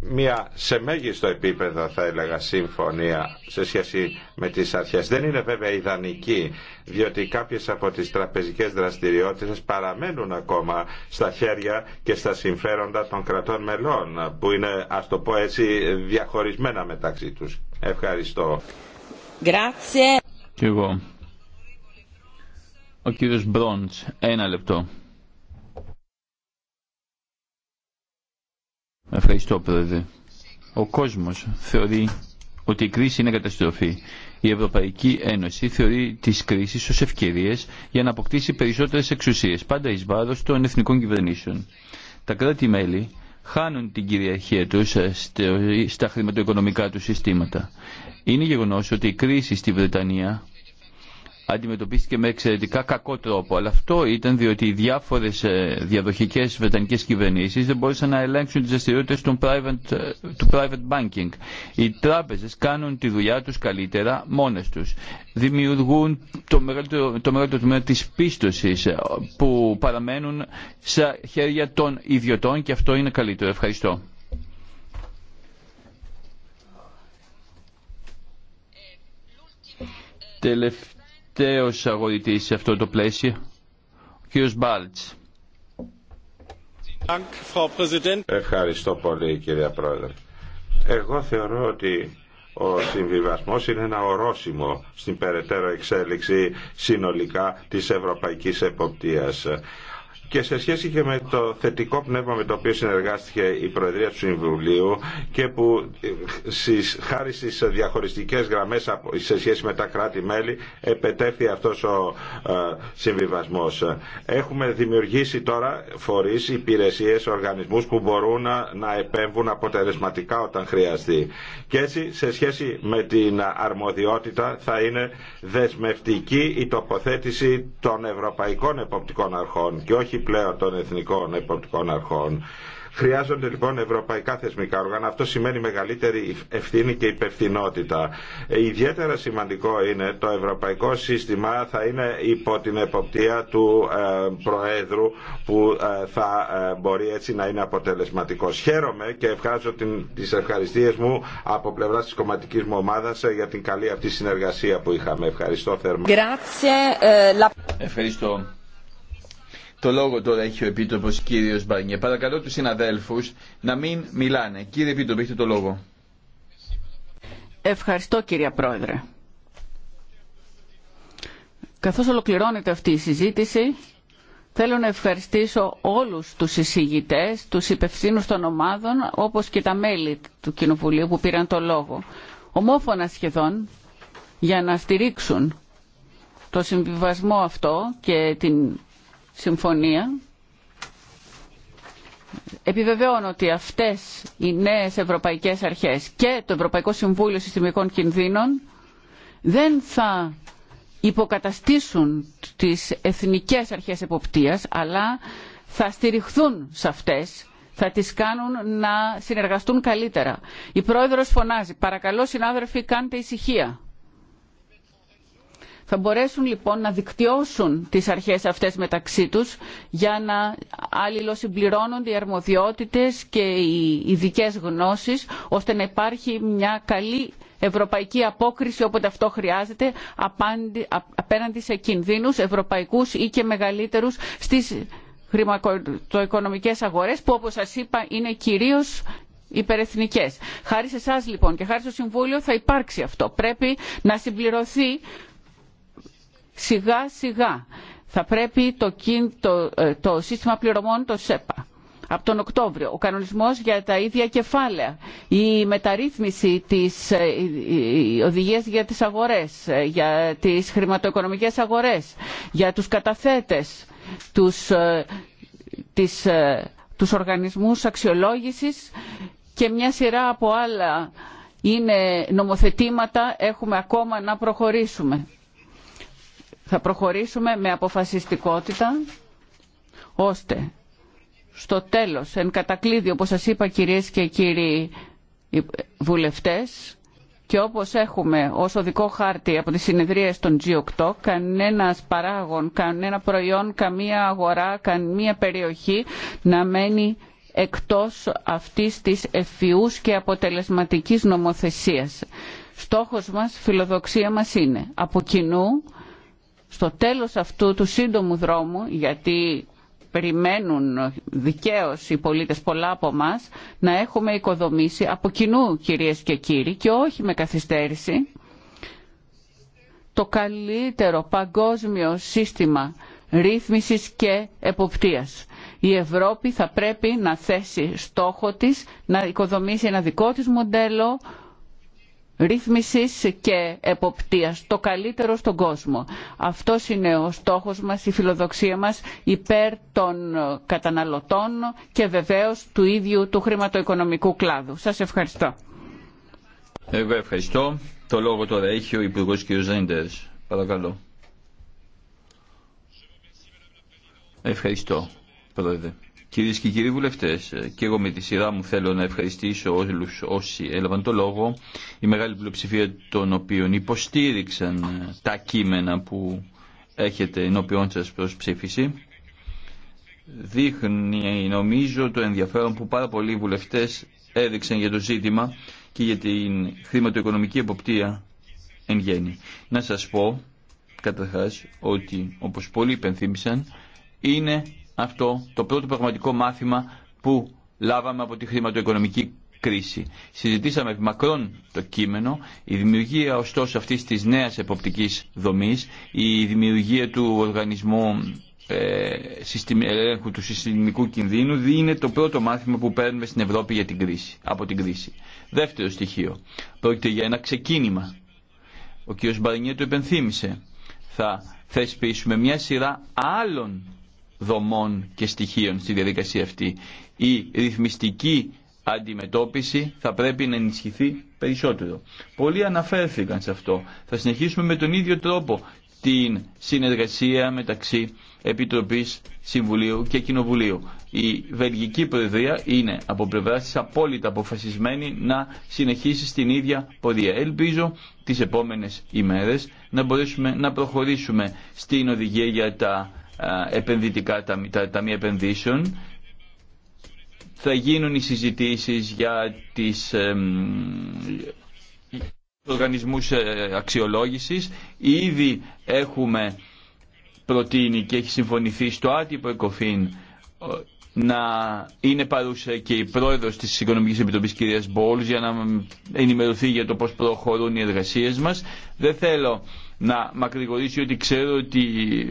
μια σε μέγιστο επίπεδο θα έλεγα συμφωνία σε σχέση με τις αρχές. Δεν είναι βέβαια ιδανική διότι κάποιες από τις τραπεζικές δραστηριότητες παραμένουν ακόμα στα χέρια και στα συμφέροντα των κρατών μελών που είναι ας το πω έτσι διαχωρισμένα μεταξύ τους. Ευχαριστώ. Grazie. Ο κύριος Μπρόντς, ένα λεπτό. Ευχαριστώ πρόεδρε. Ο κόσμος θεωρεί ότι η κρίση είναι καταστροφή. Η Ευρωπαϊκή Ένωση θεωρεί τι κρίσει ω ευκαιρίε για να αποκτήσει περισσότερες εξουσίες, πάντα ει βάρο των εθνικών κυβερνήσεων. Τα κράτη-μέλη χάνουν την κυριαρχία τους στα χρηματοοικονομικά του συστήματα. Είναι γεγονό ότι η κρίση στη Βρετανία αντιμετωπίστηκε με εξαιρετικά κακό τρόπο. Αλλά αυτό ήταν διότι οι διάφορες ε, διαδοχικές βρετανικέ κυβερνήσεις δεν μπορούσαν να ελέγξουν τις δραστηριότητε του private, ε, του private banking. Οι τράπεζε κάνουν τη δουλειά τους καλύτερα μόνες τους. Δημιουργούν το μεγαλύτερο, το μεγαλύτερο τμήμα της πίστοση ε, που παραμένουν στα χέρια των ιδιωτών και αυτό είναι καλύτερο. Ευχαριστώ τελευταίος αυτό το πλαίσιο, Μπάλτς. Ευχαριστώ πολύ κυρία Πρόεδρε. Εγώ θεωρώ ότι ο συμβιβασμός είναι ένα ορόσημο στην περαιτέρω εξέλιξη συνολικά της ευρωπαϊκής εποπτείας και σε σχέση και με το θετικό πνεύμα με το οποίο συνεργάστηκε η Προεδρία του Συμβουλίου και που ε, χάρη στις διαχωριστικές γραμμές σε σχέση με τα κράτη-μέλη επετέφθη αυτός ο ε, συμβιβασμός. Έχουμε δημιουργήσει τώρα φορείς, υπηρεσίες, οργανισμούς που μπορούν να επέμβουν αποτελεσματικά όταν χρειαστεί. Και έτσι σε σχέση με την αρμοδιότητα θα είναι δεσμευτική η τοποθέτηση των ευρωπαϊκών εποπτικών αρχών και όχι πλέον των εθνικών εποπτικών αρχών. Χρειάζονται λοιπόν ευρωπαϊκά θεσμικά όργανα. Αυτό σημαίνει μεγαλύτερη ευθύνη και υπευθυνότητα. Ιδιαίτερα σημαντικό είναι το ευρωπαϊκό σύστημα θα είναι υπό την εποπτεία του ε, Προέδρου που ε, θα ε, μπορεί έτσι να είναι αποτελεσματικό. Χαίρομαι και ευχάζω τι ευχαριστίες μου από πλευρά τη κομματική μου ομάδα για την καλή αυτή συνεργασία που είχαμε. Ευχαριστώ θερμά. Ευχαριστώ. Το λόγο τώρα έχει ο Επίτροπο κύριος Μπαρνιέ. Παρακαλώ του συναδέλφου, να μην μιλάνε. Κύριε Επίτροπο, έχετε το λόγο. Ευχαριστώ κύριε Πρόεδρε. Καθώς ολοκληρώνεται αυτή η συζήτηση, θέλω να ευχαριστήσω όλους τους εισηγητές, τους υπευθύνους των ομάδων, όπως και τα μέλη του Κοινοβουλίου που πήραν το λόγο. Ομόφωνα σχεδόν για να στηρίξουν το συμβιβασμό αυτό και την συμφωνία επιβεβαιώνω ότι αυτές οι νέες ευρωπαϊκές αρχές και το Ευρωπαϊκό Συμβούλιο Συστημικών Κινδύνων δεν θα υποκαταστήσουν τις εθνικές αρχές εποπτείας αλλά θα στηριχθούν σε αυτές θα τις κάνουν να συνεργαστούν καλύτερα. Η πρόεδρος φωνάζει «Παρακαλώ συνάδελφοι κάντε ησυχία». Θα μπορέσουν λοιπόν να δικτυώσουν τις αρχές αυτές μεταξύ τους για να αλληλοσυμπληρώνονται οι αρμοδιότητες και οι ειδικέ γνώσεις ώστε να υπάρχει μια καλή ευρωπαϊκή απόκριση όποτε αυτό χρειάζεται απέναντι σε κινδύνους ευρωπαϊκούς ή και μεγαλύτερους στις χρηματοοικονομικές αγορές που όπως σας είπα είναι κυρίως υπερεθνικές. Χάρη σε εσά λοιπόν και χάρη στο Συμβούλιο θα υπάρξει αυτό. Πρέπει να συμπληρωθεί σιγά σιγά. Θα πρέπει το, το, ε, το σύστημα πληρωμών, το ΣΕΠΑ, από τον Οκτώβριο, ο κανονισμός για τα ίδια κεφάλαια, η μεταρρύθμιση της ε, οδηγίας για τις αγορές, ε, για τις χρηματοοικονομικές αγορές, για τους καταθέτες, τους, τις, τους οργανισμούς αξιολόγησης και μια σειρά από άλλα είναι νομοθετήματα έχουμε ακόμα να προχωρήσουμε θα προχωρήσουμε με αποφασιστικότητα ώστε στο τέλος, εν κατακλείδη, όπως σας είπα κυρίες και κύριοι βουλευτές, και όπως έχουμε ως οδικό χάρτη από τις συνεδρίες των G8, κανένας παράγων, κανένα προϊόν, καμία αγορά, καμία περιοχή να μένει εκτός αυτής της ευφυούς και αποτελεσματικής νομοθεσίας. Στόχος μας, φιλοδοξία μας είναι από κοινού στο τέλος αυτού του σύντομου δρόμου, γιατί περιμένουν δικαίως οι πολίτες πολλά από μας να έχουμε οικοδομήσει από κοινού κυρίες και κύριοι και όχι με καθυστέρηση το καλύτερο παγκόσμιο σύστημα ρύθμισης και εποπτείας. Η Ευρώπη θα πρέπει να θέσει στόχο της να οικοδομήσει ένα δικό της μοντέλο ρύθμισης και εποπτείας, το καλύτερο στον κόσμο. Αυτό είναι ο στόχος μας, η φιλοδοξία μας υπέρ των καταναλωτών και βεβαίως του ίδιου του χρηματοοικονομικού κλάδου. Σας ευχαριστώ. ευχαριστώ. Το λόγο τώρα έχει ο Υπουργός κ. Ζέντερς. Παρακαλώ. Ευχαριστώ, Πρόεδρε. Κυρίε και κύριοι βουλευτέ, ε, και εγώ με τη σειρά μου θέλω να ευχαριστήσω όλου όσοι έλαβαν το λόγο, η μεγάλη πλειοψηφία των οποίων υποστήριξαν ε, τα κείμενα που έχετε ενώπιόν σα προ ψήφιση. Δείχνει, νομίζω, το ενδιαφέρον που πάρα πολλοί βουλευτέ έδειξαν για το ζήτημα και για την χρηματοοικονομική εποπτεία εν γέννη. Να σα πω καταρχά ότι όπω πολλοί υπενθύμησαν είναι αυτό το πρώτο πραγματικό μάθημα που λάβαμε από τη χρηματοοικονομική κρίση. Συζητήσαμε μακρόν το κείμενο, η δημιουργία ωστόσο αυτής της νέας εποπτικής δομής, η δημιουργία του οργανισμού ε, ελέγχου του συστημικού κινδύνου είναι το πρώτο μάθημα που παίρνουμε στην Ευρώπη για την κρίση, από την κρίση. Δεύτερο στοιχείο. Πρόκειται για ένα ξεκίνημα. Ο κ. Μπαρνιέ το υπενθύμησε. Θα θεσπίσουμε μια σειρά άλλων δομών και στοιχείων στη διαδικασία αυτή. Η ρυθμιστική αντιμετώπιση θα πρέπει να ενισχυθεί περισσότερο. Πολλοί αναφέρθηκαν σε αυτό. Θα συνεχίσουμε με τον ίδιο τρόπο την συνεργασία μεταξύ Επιτροπής Συμβουλίου και Κοινοβουλίου. Η Βελγική Προεδρία είναι από πλευρά τη απόλυτα αποφασισμένη να συνεχίσει στην ίδια πορεία. Ελπίζω τις επόμενες ημέρες να μπορέσουμε να προχωρήσουμε στην οδηγία για τα ε, επενδυτικά τα ταμεία επενδύσεων. Θα γίνουν οι συζητήσεις για τις οργανισμούς ε, αξιολόγησης. Ήδη έχουμε προτείνει και έχει συμφωνηθεί στο άτυπο ΕΚΟΦΗΝ να είναι παρούσα και η πρόεδρος της Οικονομικής Επιτροπής κυρίας Μπόλς για να ενημερωθεί για το πώς προχωρούν οι εργασίες μας. Δεν θέλω να μακρηγορήσει ότι ξέρω ότι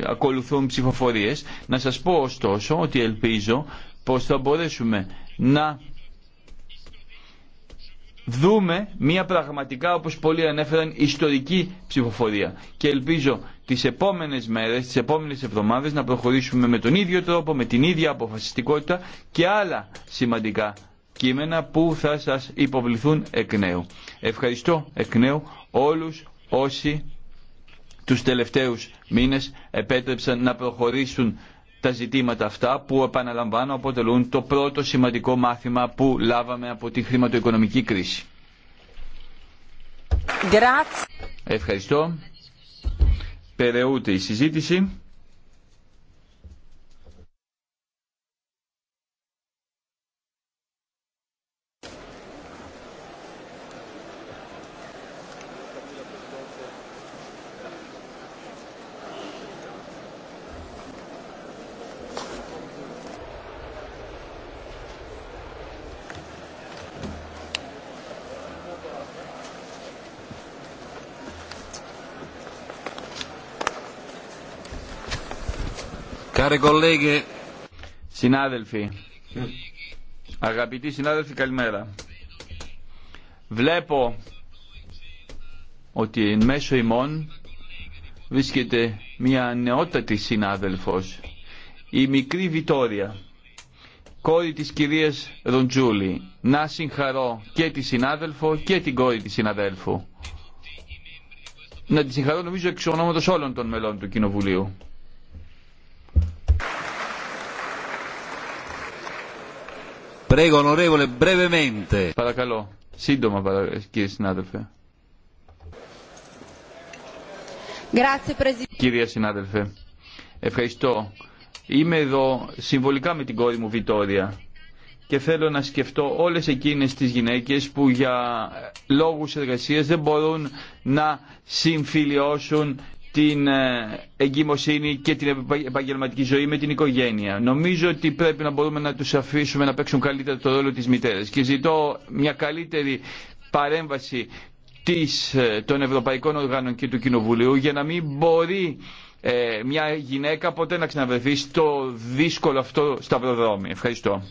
ακολουθούν ψηφοφορίες. Να σας πω ωστόσο ότι ελπίζω πως θα μπορέσουμε να δούμε μια πραγματικά όπως πολλοί ανέφεραν ιστορική ψηφοφορία και ελπίζω τις επόμενες μέρες, τις επόμενες εβδομάδες να προχωρήσουμε με τον ίδιο τρόπο, με την ίδια αποφασιστικότητα και άλλα σημαντικά κείμενα που θα σας υποβληθούν εκ νέου. Ευχαριστώ εκ νέου όλους όσοι τους τελευταίους μήνες επέτρεψαν να προχωρήσουν τα ζητήματα αυτά που επαναλαμβάνω αποτελούν το πρώτο σημαντικό μάθημα που λάβαμε από τη χρηματοοικονομική κρίση. Ευχαριστώ. Περαιούται η συζήτηση. Συνάδελφοι, αγαπητοί συνάδελφοι καλημέρα. Βλέπω ότι εν μέσω ημών βρίσκεται μια νεότατη συνάδελφος, η μικρή Βιτόρια, κόρη της κυρίας Ροντζούλη. Να συγχαρώ και τη συνάδελφο και την κόρη της συναδέλφου. Να τη συγχαρώ νομίζω εξ ονόματος όλων των μελών του Κοινοβουλίου. Παρακαλώ. Σύντομα, κύριε συνάδελφε. Κυρία συνάδελφε, ευχαριστώ. Είμαι εδώ συμβολικά με την κόρη μου Βιτόρια και θέλω να σκεφτώ όλες εκείνες τις γυναίκες που για λόγους εργασίας δεν μπορούν να συμφιλιώσουν την ε, εγκυμοσύνη και την επαγγελματική ζωή με την οικογένεια. Νομίζω ότι πρέπει να μπορούμε να τους αφήσουμε να παίξουν καλύτερα το ρόλο της μητέρας και ζητώ μια καλύτερη παρέμβαση της, ε, των Ευρωπαϊκών Οργάνων και του Κοινοβουλίου για να μην μπορεί ε, μια γυναίκα ποτέ να ξαναβρεθεί στο δύσκολο αυτό σταυροδρόμι. Ευχαριστώ.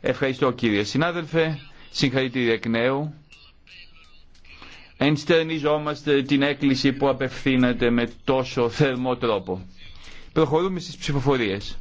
Ευχαριστώ κύριε συνάδελφε. Συγχαρητήρια εκ νέου ενστερνιζόμαστε την έκκληση που απευθύνεται με τόσο θερμό τρόπο. Προχωρούμε στις ψηφοφορίες.